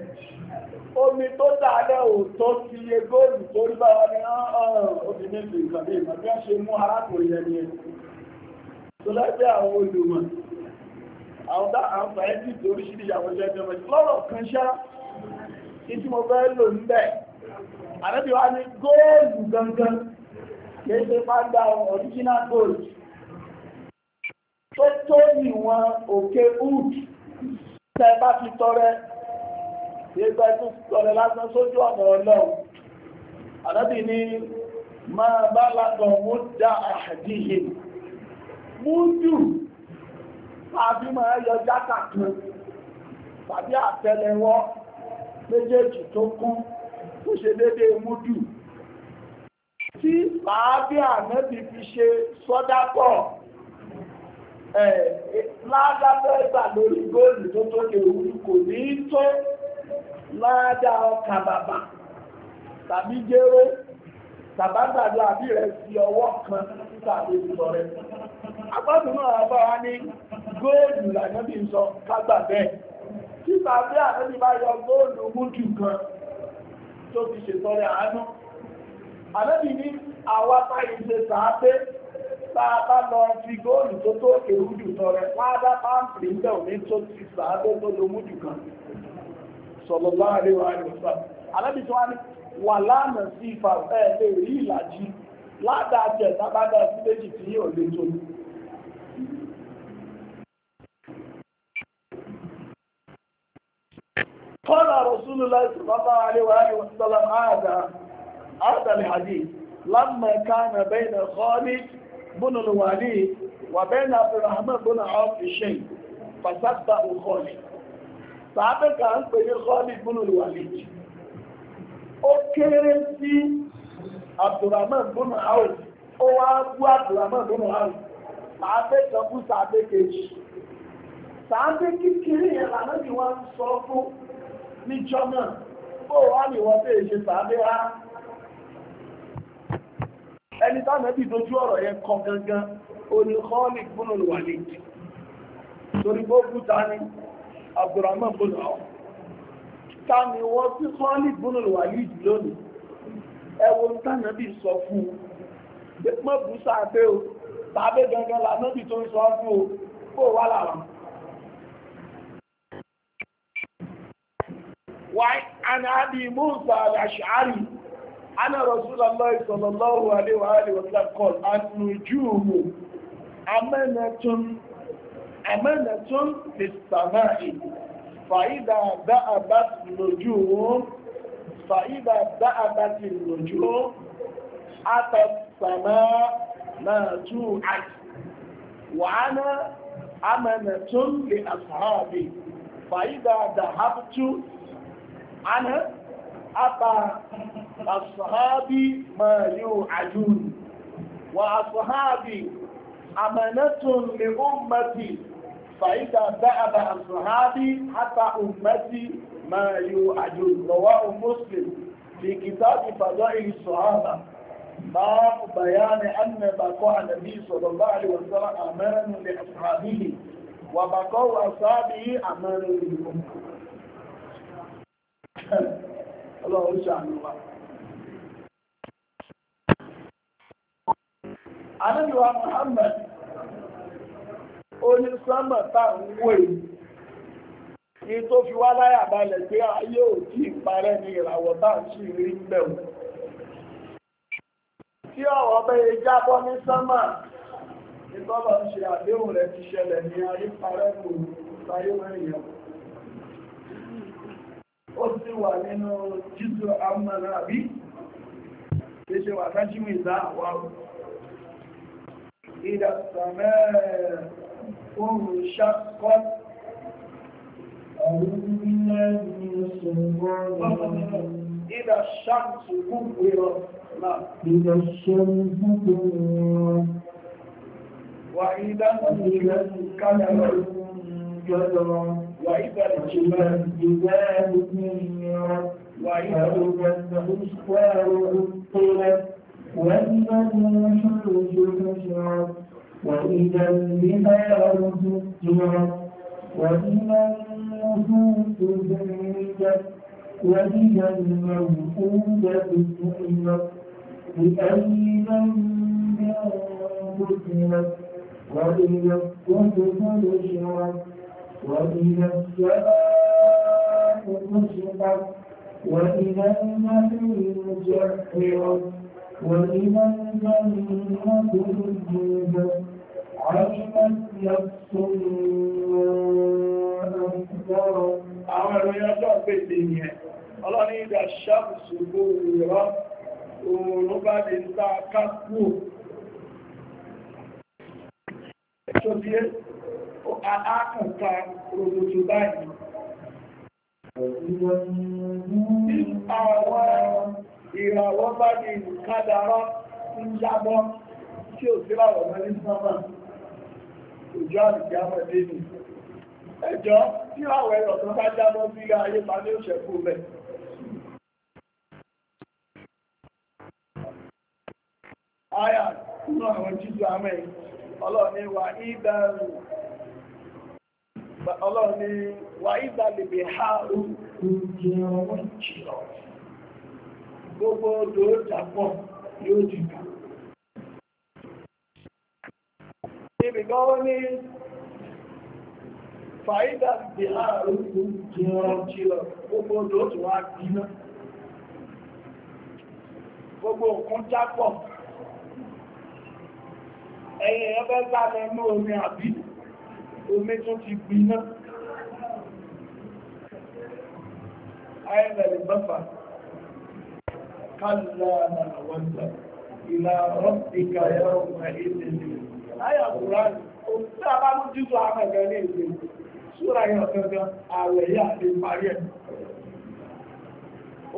omi tó dáadẹ́ ò tó ti iye góòlù tó rí báwọn ni ọ̀rọ̀ obìnrin lè gbàgbé ìgbàgbé ṣe mú arákùnrin ẹni ẹni tó lábẹ́ àwọn olùmọ̀ àwọn bá àwọn fàájì tó oríṣìírí àwọn jẹ́jẹ́mẹ́ lọ́rọ̀ kan ṣá títí mo fẹ́ lò ń bẹ̀ àrẹ́bí wa ní góòlù gangan kìí ṣe pàdà original gold tó tó ìwọ̀n òkè wood tẹ́ bá fi tọrẹ ìgbà tó tọrẹ lásán sójú ọ̀nà ọlọ́run àrẹ́bí ní máa bá lágbọ̀n mú dá àdíhìn múdù tàbí máa yọ jákà kan tàbí àtẹ́lẹwọ́ méjèèjì tó kún tó ṣe dédé múdù tí fàábí ànẹ́bí fi ṣe sọ́dápọ̀ ẹ̀ ládábẹ́gbà lórí góòlù tó tó lè wú kò ní tó láádá ọkà bàbà tàbí jéró tàbátàdó àbí rẹ̀ sí ọwọ́ kan títà lórí lọ apátù náà bá wá ní góòlù lànàbí sọ kágbà bẹ́ẹ̀ tí bàbá àtẹ́bí bá yọ góòlù mútù kan tó fi ṣètọrẹ àánú àtẹ́bí ní àwa táyì ṣe sàápé bá lọ fi góòlù tó tó èrújù tọrẹ pádá pàǹpì ń bẹ̀ òní tó ti sàápé tó lo mútù kan sọ̀lọ́lá àríwá àríwá àtẹ́bí tó wá ní wà lánà sí ìfà ẹ̀ẹ́lẹ́ rí ìlàjì ládàá jẹ̀ tábádà sí méjì tí yóò رسول الله صلى الله عليه وآله وسلم هذا هذا الحديث لما كان بين خالد بن الوليد وبين عبد الرحمن بن عوف الشيخ فصدقوا خالد صحابة كان بين خالد بن الوليد أكرم في عبد الرحمن بن عوف أو أبو عبد الرحمن بن عوف صحابة كان صحابة كيش صحابة كيش كيري يا رحمن يوان صوفه ní jọ́nà bó wá ní wọ́n tẹ́ ṣe sàádé rá ẹni tánà bí dojú ọ̀rọ̀ yẹn kọ gangan oníkọ́ọ̀lì gbónà wàlẹ̀ torí bó búta ní Abdurrahman gbónà ọ̀ ta ni wọ́n tí kọ́ọ̀lì gbónà wàlẹ̀ lónìí ẹwọ́n tánà bí sọ fún un mọ́ bùsà pé o tàbí gangan lànà tó ń sọ fún o bó wá làwọn وعن أبي موسى الأشعري أنا رسول الله صلى الله عليه وآله وسلم قال النجوم أمانة أمانة في السماء فإذا ذأبت النجوم فإذا ذأبت النجوم أتى السماء ما توعد وأنا أمانة لأصحابي فإذا ذهبت àná apá asọ́hábí mẹ́rin àjúrù wà asọ́hábí àmẹ́nẹ́tún lè ó mẹ́tì fàídà dáadà asọ́hábí hátà òmẹ́tì mẹ́rin àjúrù lọ́wọ́ muslim في كتاب فضائل الصحابة باب بيان أن بقاء النبي صلى الله عليه وسلم أمان لأصحابه وبقاء أصحابه أمان للأمة Ọlọ́run ṣàánú wa. Àdébíwá Muhammad, oní sọ́mọ̀ táà ń wò yìí, ní tó fi wá láyà balẹ̀ pé ayé ò tí ìparẹ́ ní ìràwọ̀ táà sí rí ń bẹ̀rù. Tí ọ̀wọ́ bẹ́ẹ̀ jábọ́ ní sọ́mọ̀, ìtọ́lọ̀ ń ṣe àdéhùn rẹ̀ ti ṣẹlẹ̀ ní ayé parẹ́ kò sáyé mẹ́rin yẹn ó sì wà nínú jíso amúnà àbí ṣe ṣe wà tájímù ìdá àwọ̀ ìdàsàmẹ́ oòrùn ṣàkọ́ إذا الشمس كبرت إذا الشمس كبرت وإذا الكلمة الجدر وإذا الجبال جبال سيرت وإذا الجنة أسوار عطلت وإذا الوحوش حشرت وإذا البحار سجرت وإذا النفوس زوجت وإذا الموءودة سئلت بأي ذنب قتلت وإذا الصحف نشرت وإذا السماء كشفت وإذا النبي جحرت وإذا الجنة أجلت علمت نفس ما أحضرت àwọn ìròyìn ọjọ́ pèsè ìyẹn ọlọ́ni ìdà ṣàkùsù gbogbo ìrọ́ oòrùn bá lè ákùnká rògbòtò báyìí. Àwọn ìràwọ̀ bá di kádàrá ń jábọ́ tí ò mẹ́rin òjò Ẹjọ́ tí àwọ̀ ẹ̀rọ tó bá jábọ́ ayé bá ní òṣẹ̀kú àwọn jíjọ amẹ́ ọlọ́ni ọlọ́run ni wà ìgbàlèbè ha gbogbo odò dàpọ̀ yóò dìgbà ibi gan ó ní fàídà ti ààrùn jìrọ̀ jìrọ̀ gbogbo odò tó wá gbiná gbogbo nǹkan jápọ̀ ẹ̀yẹ̀ ẹgbẹ́ gbà lẹ́nu omi àbí omi tó ti gbiná ayẹ́lẹ̀ ìbáfà kálà àwọ̀dà ìlà rọ́pìkà ẹ̀rọ ìdè ayà kùrán ó tí a bá mú jíso àwọn ẹ̀gẹ́ ní èdè súra yẹn kankan ààrẹ yà lè parí ẹ̀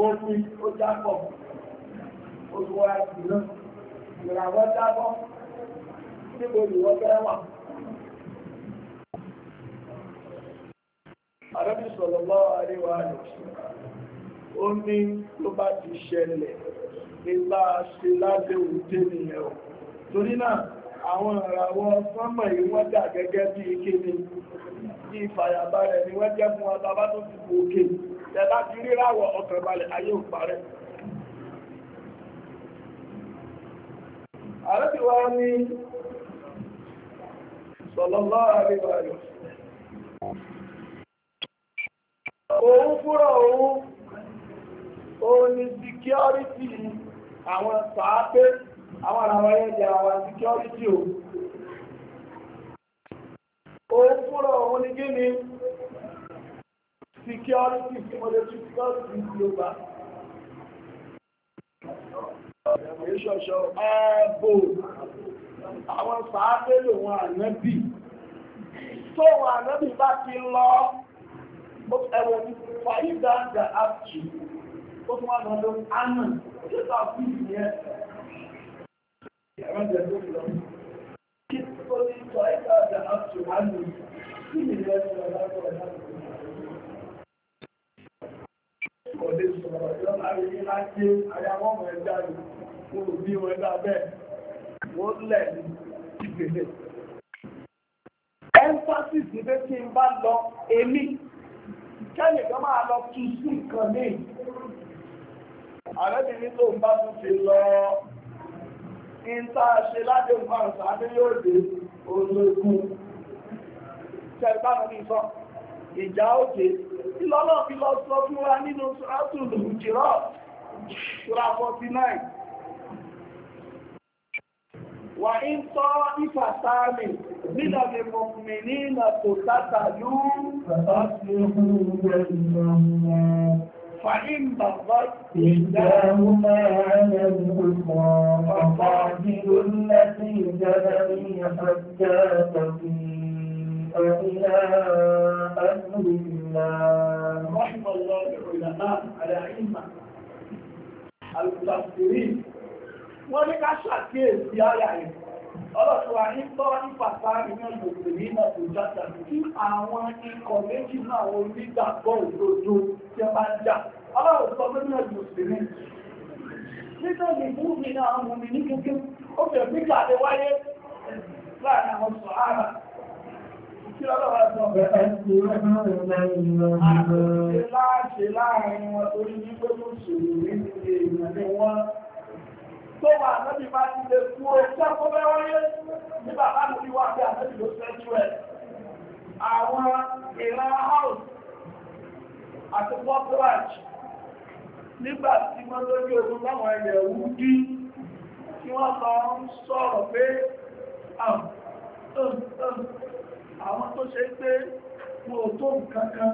ó ní ó jápọ̀ ó tó wá ìgbìnà ìràwọ̀ jápọ̀ níbo ìwọ́fẹ́ wà Ànábì sallallahu alaihi wa sallam ó ní ló bá ti ṣẹlẹ̀ nípa ṣe lábẹ́ òjé nìyẹn o torí náà àwọn ìràwọ̀ sánmọ̀ yìí wọ́n dà gẹ́gẹ́ bí ike ni bí ìfàyàbalẹ̀ ni wọ́n jẹ́ fún ọba bá tó ti kò òkè tẹ́lá ti ríràwọ̀ òun fúrọ̀ òun òun ni security àwọn sàápé àwọn àwọn ẹ̀yẹ àwọn security o òun fúrọ̀ òun ni gíní security tí mo lè tún security ní global ìṣọ̀ṣọ̀ ààbò àwọn sàápé lòun ànábì tóun ànábì bá ti lọ ẹwọ̀n ní fàyídà àgbà àpùtù ó tún wà lọ́dọ̀ ánà òjòta fíìsì ní ẹ̀rọ ìjẹ̀lú lọ kí tó ní fàyídà àgbà àpùtù ánà kí ni ìrẹ́ ìrọ̀lá Ọdé sọ̀rọ̀ ìjọba àríyí láti àyàwó ọmọ ẹgbẹ́ àrùn, mo rò bí wọn ẹgbẹ́ abẹ́, wọ́n lẹ̀ ní ìgbèlè. Emphasis ní pé kí n bá lọ èmi kẹ́nìkan máa lọ tú sí nǹkan ní àrẹ́bìnrin tó ń bá ti lọ ìta ṣe láti nǹkan ìsàdé yóò dé ológun tẹ́gbà ní sọ ìjà òkè ìlọ́nà fi lọ sọ fún wa nínú ṣúra 49 wà ń tọ́ من المؤمنين قتتلوا فأصلحوا بينهما فإن بغت إحداهما على الأخرى فقاتلوا التي تبغي حتى تفيء إلى أمر الله رحم الله العلماء على علم المفسرين ولك عشر كيف يا يعني ọlọ́tọ̀wà ní tọ́ ìpàtà ìyàn gbogbo ní nàìjíríà tí àwọn ikọ̀ méjì náà onígbàgbọ́ òdodo tí a máa ń jà ọlọ́tọ̀wà tó ní ọjọ́ ìsinmi nítorí ìbúrúmi náà àwọn omi ní kékeré ó fẹ́ píkà lè wáyé láàrin àwọn sọ̀hárà kí ọlọ́wà sọ bẹ̀rẹ̀ sí láàrin wọn torí ní pé mú sùúrù ní ìrìnàlẹ́ wọn tó wà ànábì bá ti lè kú o tí a kó bẹ́ wáyé ní bàbá mi ti wá bí ànábì ló sẹ́jú ẹ̀. Àwọn ìran house àti potlatch nígbà tí wọ́n lórí ogun láwọn ilẹ̀ òwú dí tí wọ́n lọ ń sọ̀rọ̀ pé àwọn tó ṣe pé wọn ò tó nǹkan kan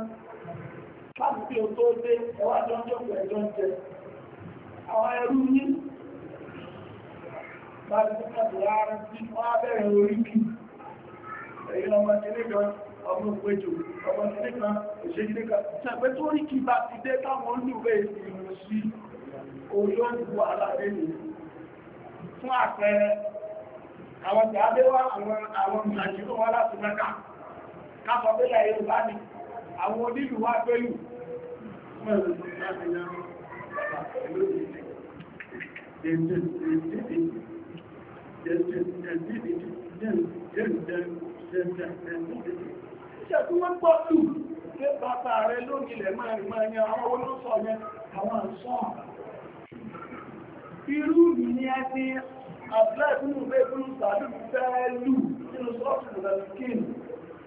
láti bí o tó dé ẹwà jọ́jọ́ pẹ̀lú oúnjẹ àwọn ẹrú yìí bá ti ní kàtò láàrín tí wọ́n á bẹ̀rẹ̀ orí kí èyí ọmọ kìnnìkan ọmọ òpéjò ọmọ kìnnìkan òṣèkìnnìkan ṣẹ̀pẹ́ tó rí kí bá ti dé táwọn olùwé ìrìn sí olóògbò aládé ni fún àpẹẹrẹ àwọn tí a dé wá àwọn ìrìnàjò wá láti mẹ́ka kápọ̀ pẹ́lẹ̀ Yorùbá ni àwọn Iṣẹ́ tí wọ́n pọ̀ tù pé bàbá rẹ̀ lórí ilẹ̀ máa rí máa yan àwọn olóṣọ yẹn àwọn àṣọ́. Irú mi ni ẹ ti àbúlẹ̀ fún ìwé fẹ́ lù nínú sọ́ọ̀tù lọ́dún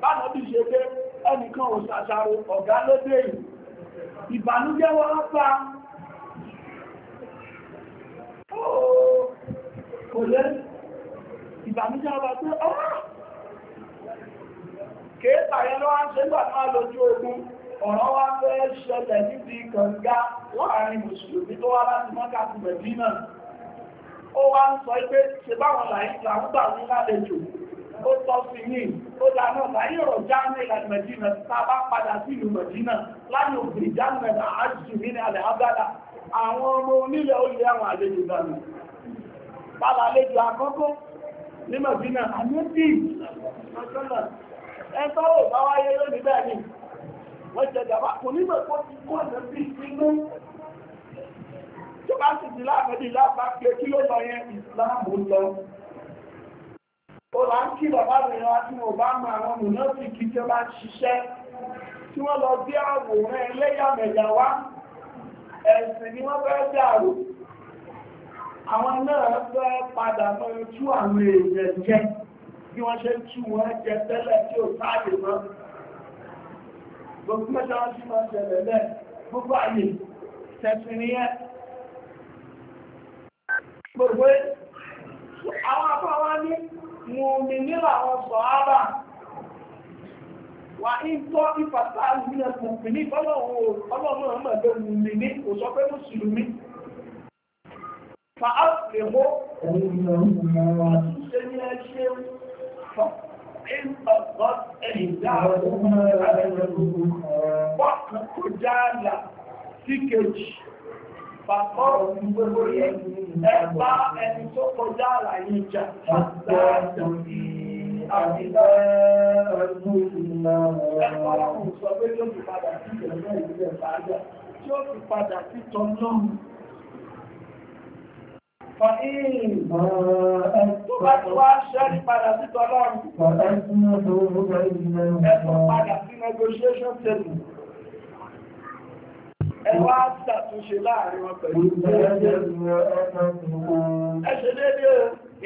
báwọn bí ṣe pé ẹnìkan ò ṣàṣàrò ọ̀gá ló dé yìí ìbànújẹ́ wọ́n pa kò lé ìbànújẹ́ wọ́n pa pé ọ́rọ̀ kéèkà yẹn lọ́wọ́ ṣe gbà máa lójú ogun ọ̀rọ̀ wá fẹ́ ṣẹlẹ̀ níbi kànga láàrin mùsùlùmí tó wá láti mọ́ká ti bẹ̀bí náà ó wá ń sọ pé ṣe báwọn làyíkà ń gbà ní lálejò ó tọ́ sí ní ó dá náà láyé ọ̀rọ̀ jáàmù ìlànà mẹ̀dínà tá a bá padà sí ìlú mẹ̀dínà láyé òbí jáàmù ẹ̀dá àjù mí ní alẹ́ abdala àwọn ọmọ onílẹ̀ ó lé àwọn àlejò dànù bàbá àlejò àkọ́kọ́ ní mẹ̀dínà àmúdì ẹ̀tọ́ ò bá wáyé lónìí bẹ́ẹ̀ ni wọ́n jẹ jàmbá kò ní mọ̀ kó ti ó là ń kí bàbá mi wá tí mo bá mọ àwọn mùnátìkì tí ó bá ń ṣiṣẹ́ tí wọ́n lọ bí àwòrán ẹlẹ́yàmẹ̀yà wá ẹ̀sìn ni wọ́n fẹ́ dàrú àwọn náà fẹ́ padà mọ́ tú àwọn èèyàn jẹ bí wọ́n ṣe tú wọn jẹ tẹ́lẹ̀ tí ó sáàyè mọ́ gbogbo mẹ́ta wọ́n sì máa ṣẹlẹ̀ lẹ́ gbogbo àyè tẹ̀sìn nìyẹn gbogbo àwọn afọ wa ní mùmí nílò àwọn sọ̀hábà wà ń tọ́ ìfàtà ìlú mùmí ní ọlọ́run ọmọ ẹgbẹ́ mùmí ní kò sọ pé mùsùlùmí fa áfìlẹ̀hó àtúnṣe ní ẹṣẹ́ fọ́ ìgbàgbọ́ ẹ̀yìn dáàbò ọmọ ẹgbẹ́ mùmí wọ́n kan tó sí kejì Bàbá òun gbogbo yẹ ẹgbá ẹni tó kọjá àlàyé ìjà láàrín àtìgbà ẹgbẹ́ ìgbìmọ̀ ẹgbẹ́ ọlọ́run sọ pé yóò fi padà sí ìjọba ìbílẹ̀ bàájà tí ó fi padà sí tọ́lọ́run. Tó bá ti wá ṣẹ́rí padà sí tọ́lọ́run. Ẹ̀sùn padà sí ẹwà ṣàtúnṣe láàrin wọn pẹ̀lú ẹṣẹ́ lédè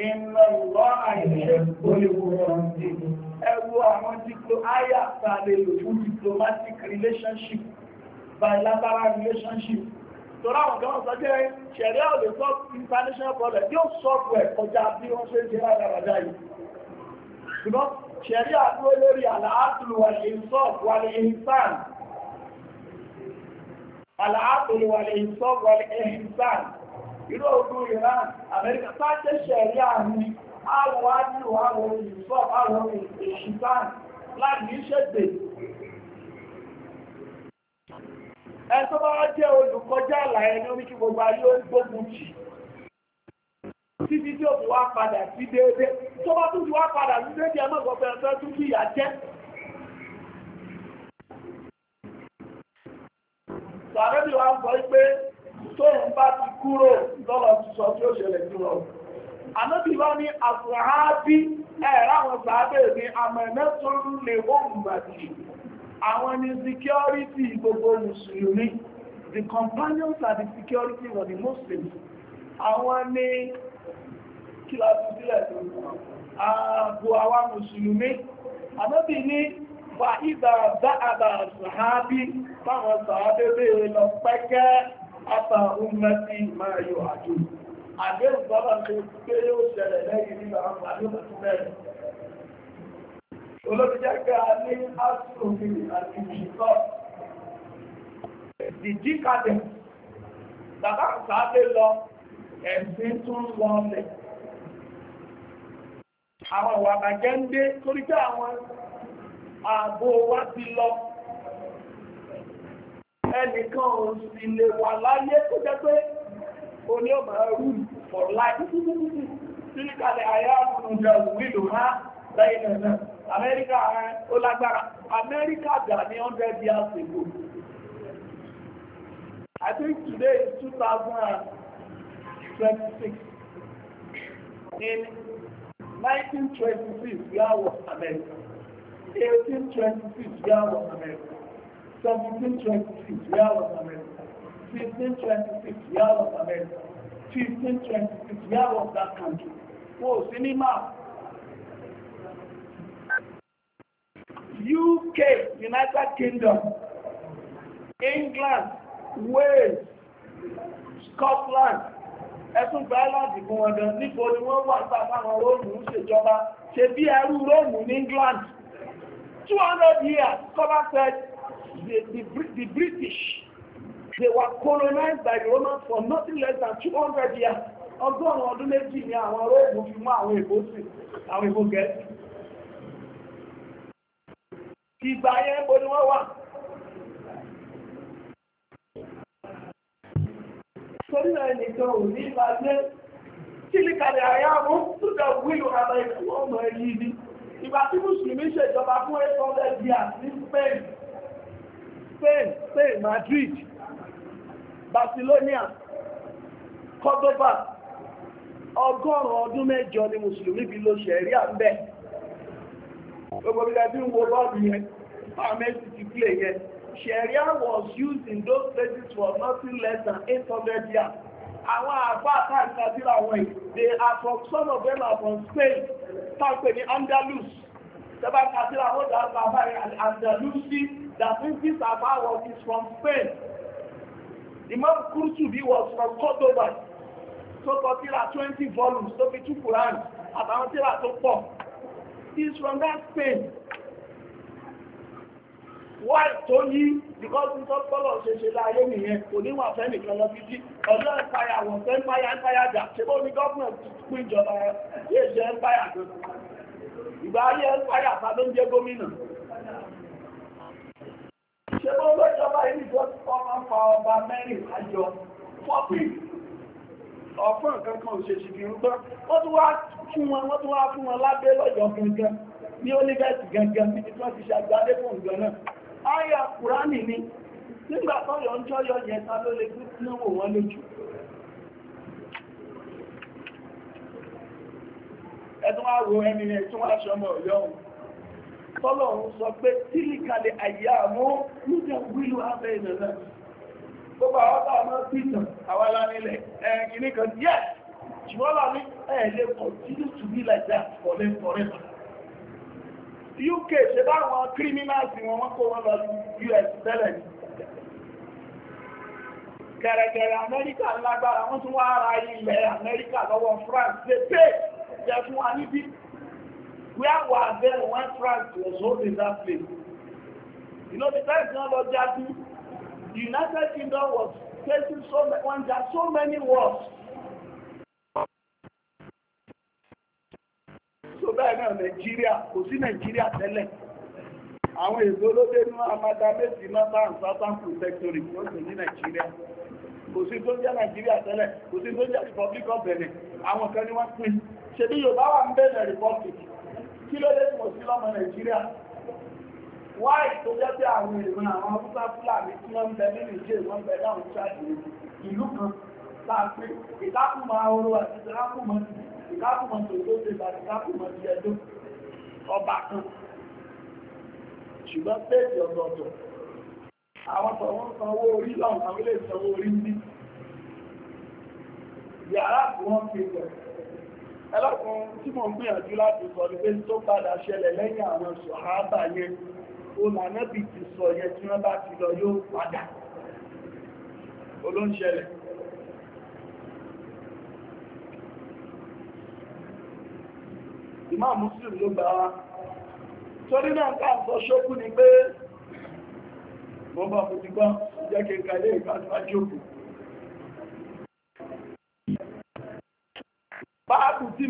ìmọ̀ ìwọ́ àìṣẹ́ olùwòrán ẹwọ àwọn diplo aya tààlè lò fún diplomatic relationship bilateral relationship tọ́rọ àwọn kan sọ jẹ́ ṣẹ̀rẹ́ ọ̀lẹ́ sọ international problem yóò sọ́pù ẹ̀ kọjá bí wọ́n ṣe ṣe rádaràdá yìí ṣùgbọ́n ṣẹ̀rẹ́ àdúró lórí àlàáfíà wà ní ìsọ́ọ̀pù wà ní ìsáàlì aláàbòlù wà lè sọ wọlé ẹ̀hìnsán irú ogun Iran Amẹ́ríkà tá jẹ́ ṣẹ̀rí àmì àwọn àdìrò àwọn ìsọ́ àwọn ẹ̀hìnsán láti ṣẹ̀gbẹ̀ ẹ̀tọ́ bá jẹ́ olùkọjá àlàyé ní orí kí gbogbo ayé ó gbógun jì títí tí ó fi wá padà sí déédéé tó bá tún fi wá padà sí déédéé ẹmọ́ ìgbọ̀gbẹ̀ ẹ̀fẹ́ tún kí ìyà jẹ́ Sàrẹ́bì wa ń sọ pé tóun bá ti kúrò lọ́lọ́ ti sọ tí ó ṣẹlẹ̀ jù lọ. Ànábì wa ní àṣàábí ẹ̀rọ àwọn sàábẹ̀ ní àmọ̀ẹ́nẹ́ tó ń lè wọ́n gbàdì. Àwọn ni security gbogbo Mùsùlùmí. The companions are the security for the Muslims. Àwọn ni kíláàsì sílẹ̀ tó ń sọ. Ààbò àwa Mùsùlùmí. Ànábì ní fa ìdàbà àbà sàábí táwọn sàádébé lọ pẹ́kẹ́ àtà ọmọdé máa yọ àjò àdéhùn bọ́lá tó pé yóò ṣẹlẹ̀ lẹ́yìn nínú àwọn àdéhùn mẹ́rin olóbíjágá ní asòfin àti ìṣìkọ́ ìdíkadẹ̀ bàbá sàádé lọ ẹ̀sìn tún lọ́ọ̀lẹ̀ àwọn ìwà bàjẹ́ ń dé torí pé àwọn ààbò wa ti lọ ẹnìkan òun ilé wà láyé tó jẹ́ pé o ní ọmọ ẹrù for life sílíkàlẹ̀ àyà ọmọdé wílò ha lẹ́yìn náà amẹ́ríkà ó lágbára amẹ́ríkà dà ní 100 years ago I think today is 2026 in 1926 we are was America 1826 we are was America 1726 Real of America, 1526 Real of America, 1526 Real of that country. Wọ́n ò sí ní UK, United Kingdom, England, Wales, Scotland, ẹ̀sùn Ireland fún wọn dán nípo ni wọ́n wà sáfáwọn Róòmù ń ṣèjọba ṣe bí ẹrú Róòmù ní England. 200 years, cover said the, the, the British, they were colonized by the Romans for nothing less than 200 years. Ọgọ́rùn-ún ọdún méjì ni àwọn Róòmù fi mú àwọn èbó sí, àwọn èbó gẹ̀ẹ́sì. Ìgbà yẹn bo ni wọ́n wà. Torí náà nìkan ò ní ìgbà lé kílíkàlẹ̀ àyàwó tó dẹ̀ wílò àbẹ̀ ìfowópamọ́ ẹ̀yí ni. Ìgbà tí Mùsùlùmí ṣèjọba fún 800 years ní Spain. Spain, Spain, Madrid, Barcelona, Cordoba, ọgọ́rùn-ún ọdún mẹ́jọ ni Mùsùlùmí fi lo ṣẹ̀rí àbẹ́. Gbogbo bí lẹ́bí ń wo bọ́ọ̀lù yẹn, Pàmẹ́sì ti play yẹn. Sharia was used in those places for nothing less than 800 years. Àwọn àbá àtàkàdìrà wọ̀nyí, they are from some of them are from Spain, tàpẹ̀ ní Andalus. Tẹ́bá kàtíra ó dá bàbá rẹ̀ Andalusi that means Baba was from Spain. Imam Kurtubi was from Cordoba. Tó kọ tíra twenty volumes tó fi tú Quran àtàwọn tíra tó pọ̀. He from that Spain. Why tó yí? Because nǹkan gbọ́dọ̀ ṣe ṣe láyé nìyẹn kò ní wà fẹ́ nìkan lọ títí. Ọ̀dọ́ ẹ̀páyà wọ̀n fẹ́ ń páyà ń páyà jà. Ṣé bó ní gọ́ọ̀mù pín ìjọba ẹ̀ṣẹ̀ ìgbà ayé ẹ̀ńpáyà ta ló ń jẹ́ gómìnà ṣe bó lọ́jọ́ba yìí tó ọmọ fa ọba mẹ́rin àjọ fọ́pì ọ̀fún nǹkan kan ò ṣe ṣìkì ń gbọ́ wọ́n tún wá fún wọn wọ́n tún wá fún wọn lábẹ́ lọ́jọ́ gangan ní olífẹ́sì gangan níbi tí wọ́n ti ṣàgbádé fún nǹkan náà ayé àkùránì ni nígbà tó yọ ń jọ́yọ̀ yẹn ta ló lè gbé níwò wọn lójú ẹ̀tún wá ẹni ẹ̀ tún wá ṣọmọ ọ̀yọ́hun sọ pé tílìkalẹ̀ àyà mú níjẹ̀ abẹ́ ìnà náà yes ṣùgbọ́n láàrin ẹ̀ẹ́lẹ́ continue to be like that forever UK ṣe báwọn criminals wọn wọ́n kó wọn US tẹ́lẹ̀ ni kẹ̀rẹ̀kẹ̀rẹ̀ Amẹ́ríkà lágbára wọ́n tún wá ara ilẹ̀ Amẹ́ríkà lọ́wọ́ France ṣe pé jẹ fún wa níbí where were there when France was holding that place you know the time kan lọ jáde the United Kingdom was facing so many when there are so many wars. so bẹ́ẹ̀ náà Nàìjíríà kò sí Nàìjíríà tẹ́lẹ̀ àwọn èdè olóde ní amadamẹ́sì northern southern protectorate ló sì ní Nàìjíríà kò sí tó jẹ́ Nàìjíríà tẹ́lẹ̀ kò sí tó jẹ́ Republic of Benin àwọn kan ni wọ́n pín ṣe bí Yorùbá wà ń bẹ̀rẹ̀ Republic kí ló lè mọ̀ sí lọ́mọ Nàìjíríà wáì tó jẹ́ pé àwọn ìran àwọn Haúsá Fúlàní tí wọ́n ń bẹ nínú ìjẹ́ ìwọ́n bẹ dáhùn ṣáàjì ìlú kan láàpé ìdákùnmọ̀ ahoro àti ìdákùnmọ̀ ìdákùnmọ̀ tòótó ṣe àti ìdákùnmọ̀ ti ẹjọ́ ọba kan ṣùgbọ́n péèjì ọ̀tọ̀ọ̀tọ̀ àwọn sanwó orí láwọn àwọn ilé ìsanwó orí ní yàrá tí wọ́n fi pẹ̀ ẹlọ́kùn tí mo ń gbìyànjú láti sọ ní pé tó padà ṣẹlẹ̀ lẹ́yìn àwọn ṣọ̀hábà yẹn olànẹ́bì ti sọ yẹ tí wọ́n bá ti lọ yóò padà olóńṣẹlẹ̀ ìmáà Muslim ló gbà wá torí náà ká sọ ṣókú ni pé bọ́bá fòtígbá jẹ́ kí n kàlẹ̀ ìbájúwájú báàbù tí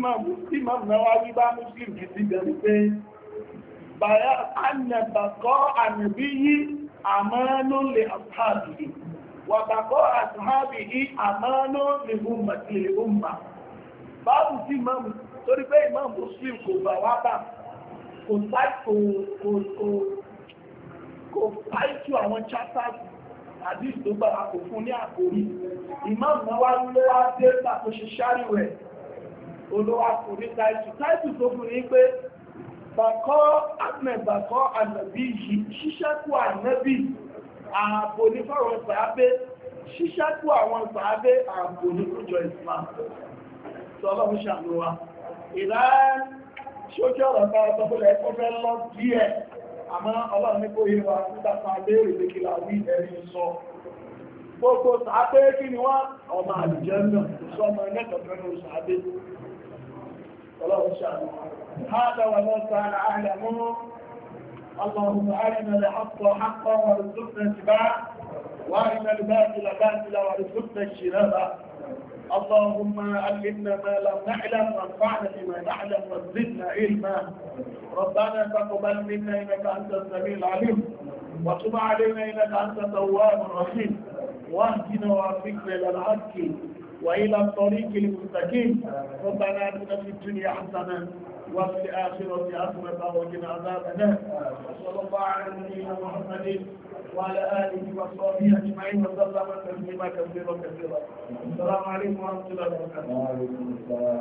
ma mọ̀ wá rí bá muslim kì sí gẹ̀rẹ̀ pé bàyá annàbàkọ́ ànàbí yí àmánú lè àtàbì wàbàkọ́ àtàbì yí àmánú lè hùmà tí lè hùmà báàbù tí ma mọ̀ torí pé imam muslim kò bà wá bà kò kò fáìtù àwọn chapters àbí ìdógbà kò fún ní àkórí Imam Nawawi ló wá dé pàtó ṣe ṣáàrì rẹ̀ olówó àkórí táìtù táìtù tó fún ní pé bàkọ́ àmẹ́bàkọ́ ànàbí yìí ṣíṣẹ́kù ànàbí ààbò ní fọ́rọ̀ sàábé ṣíṣẹ́kù àwọn sàábé ààbò ní kújọ Islam sọlọ́run ṣàlùwà ìlànà ṣójú ọ̀rọ̀ bá ọ̀tọ̀ àmọ́ ọlọ́run ní kó yíwa nígbà kan léèrè pé kí la wí ẹni sọ gbogbo sàábé kí ni wá ọmọ àjẹ́ náà kò sọ ọmọ ẹgbẹ́ kọ̀ọ̀kan ní sàábé ọlọ́run ṣàánú هذا اللهم علمنا ما لم نعلم وانفعنا بما نعلم وزدنا علما ربنا تقبل منا انك انت السميع العليم وتب علينا انك انت التواب الرحيم واهدنا وافقنا الى الحق والى الطريق المستقيم ربنا اتنا في الدنيا حسنه وفي الآخرة حسنة وقنا عذاب النار وصلى الله على نبينا محمد وعلى آله وصحبه أجمعين وسلم تسليما كثيرا كثيرا السلام عليكم ورحمة الله وبركاته وعليكم السلام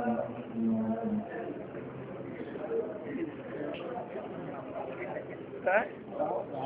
ورحمة الله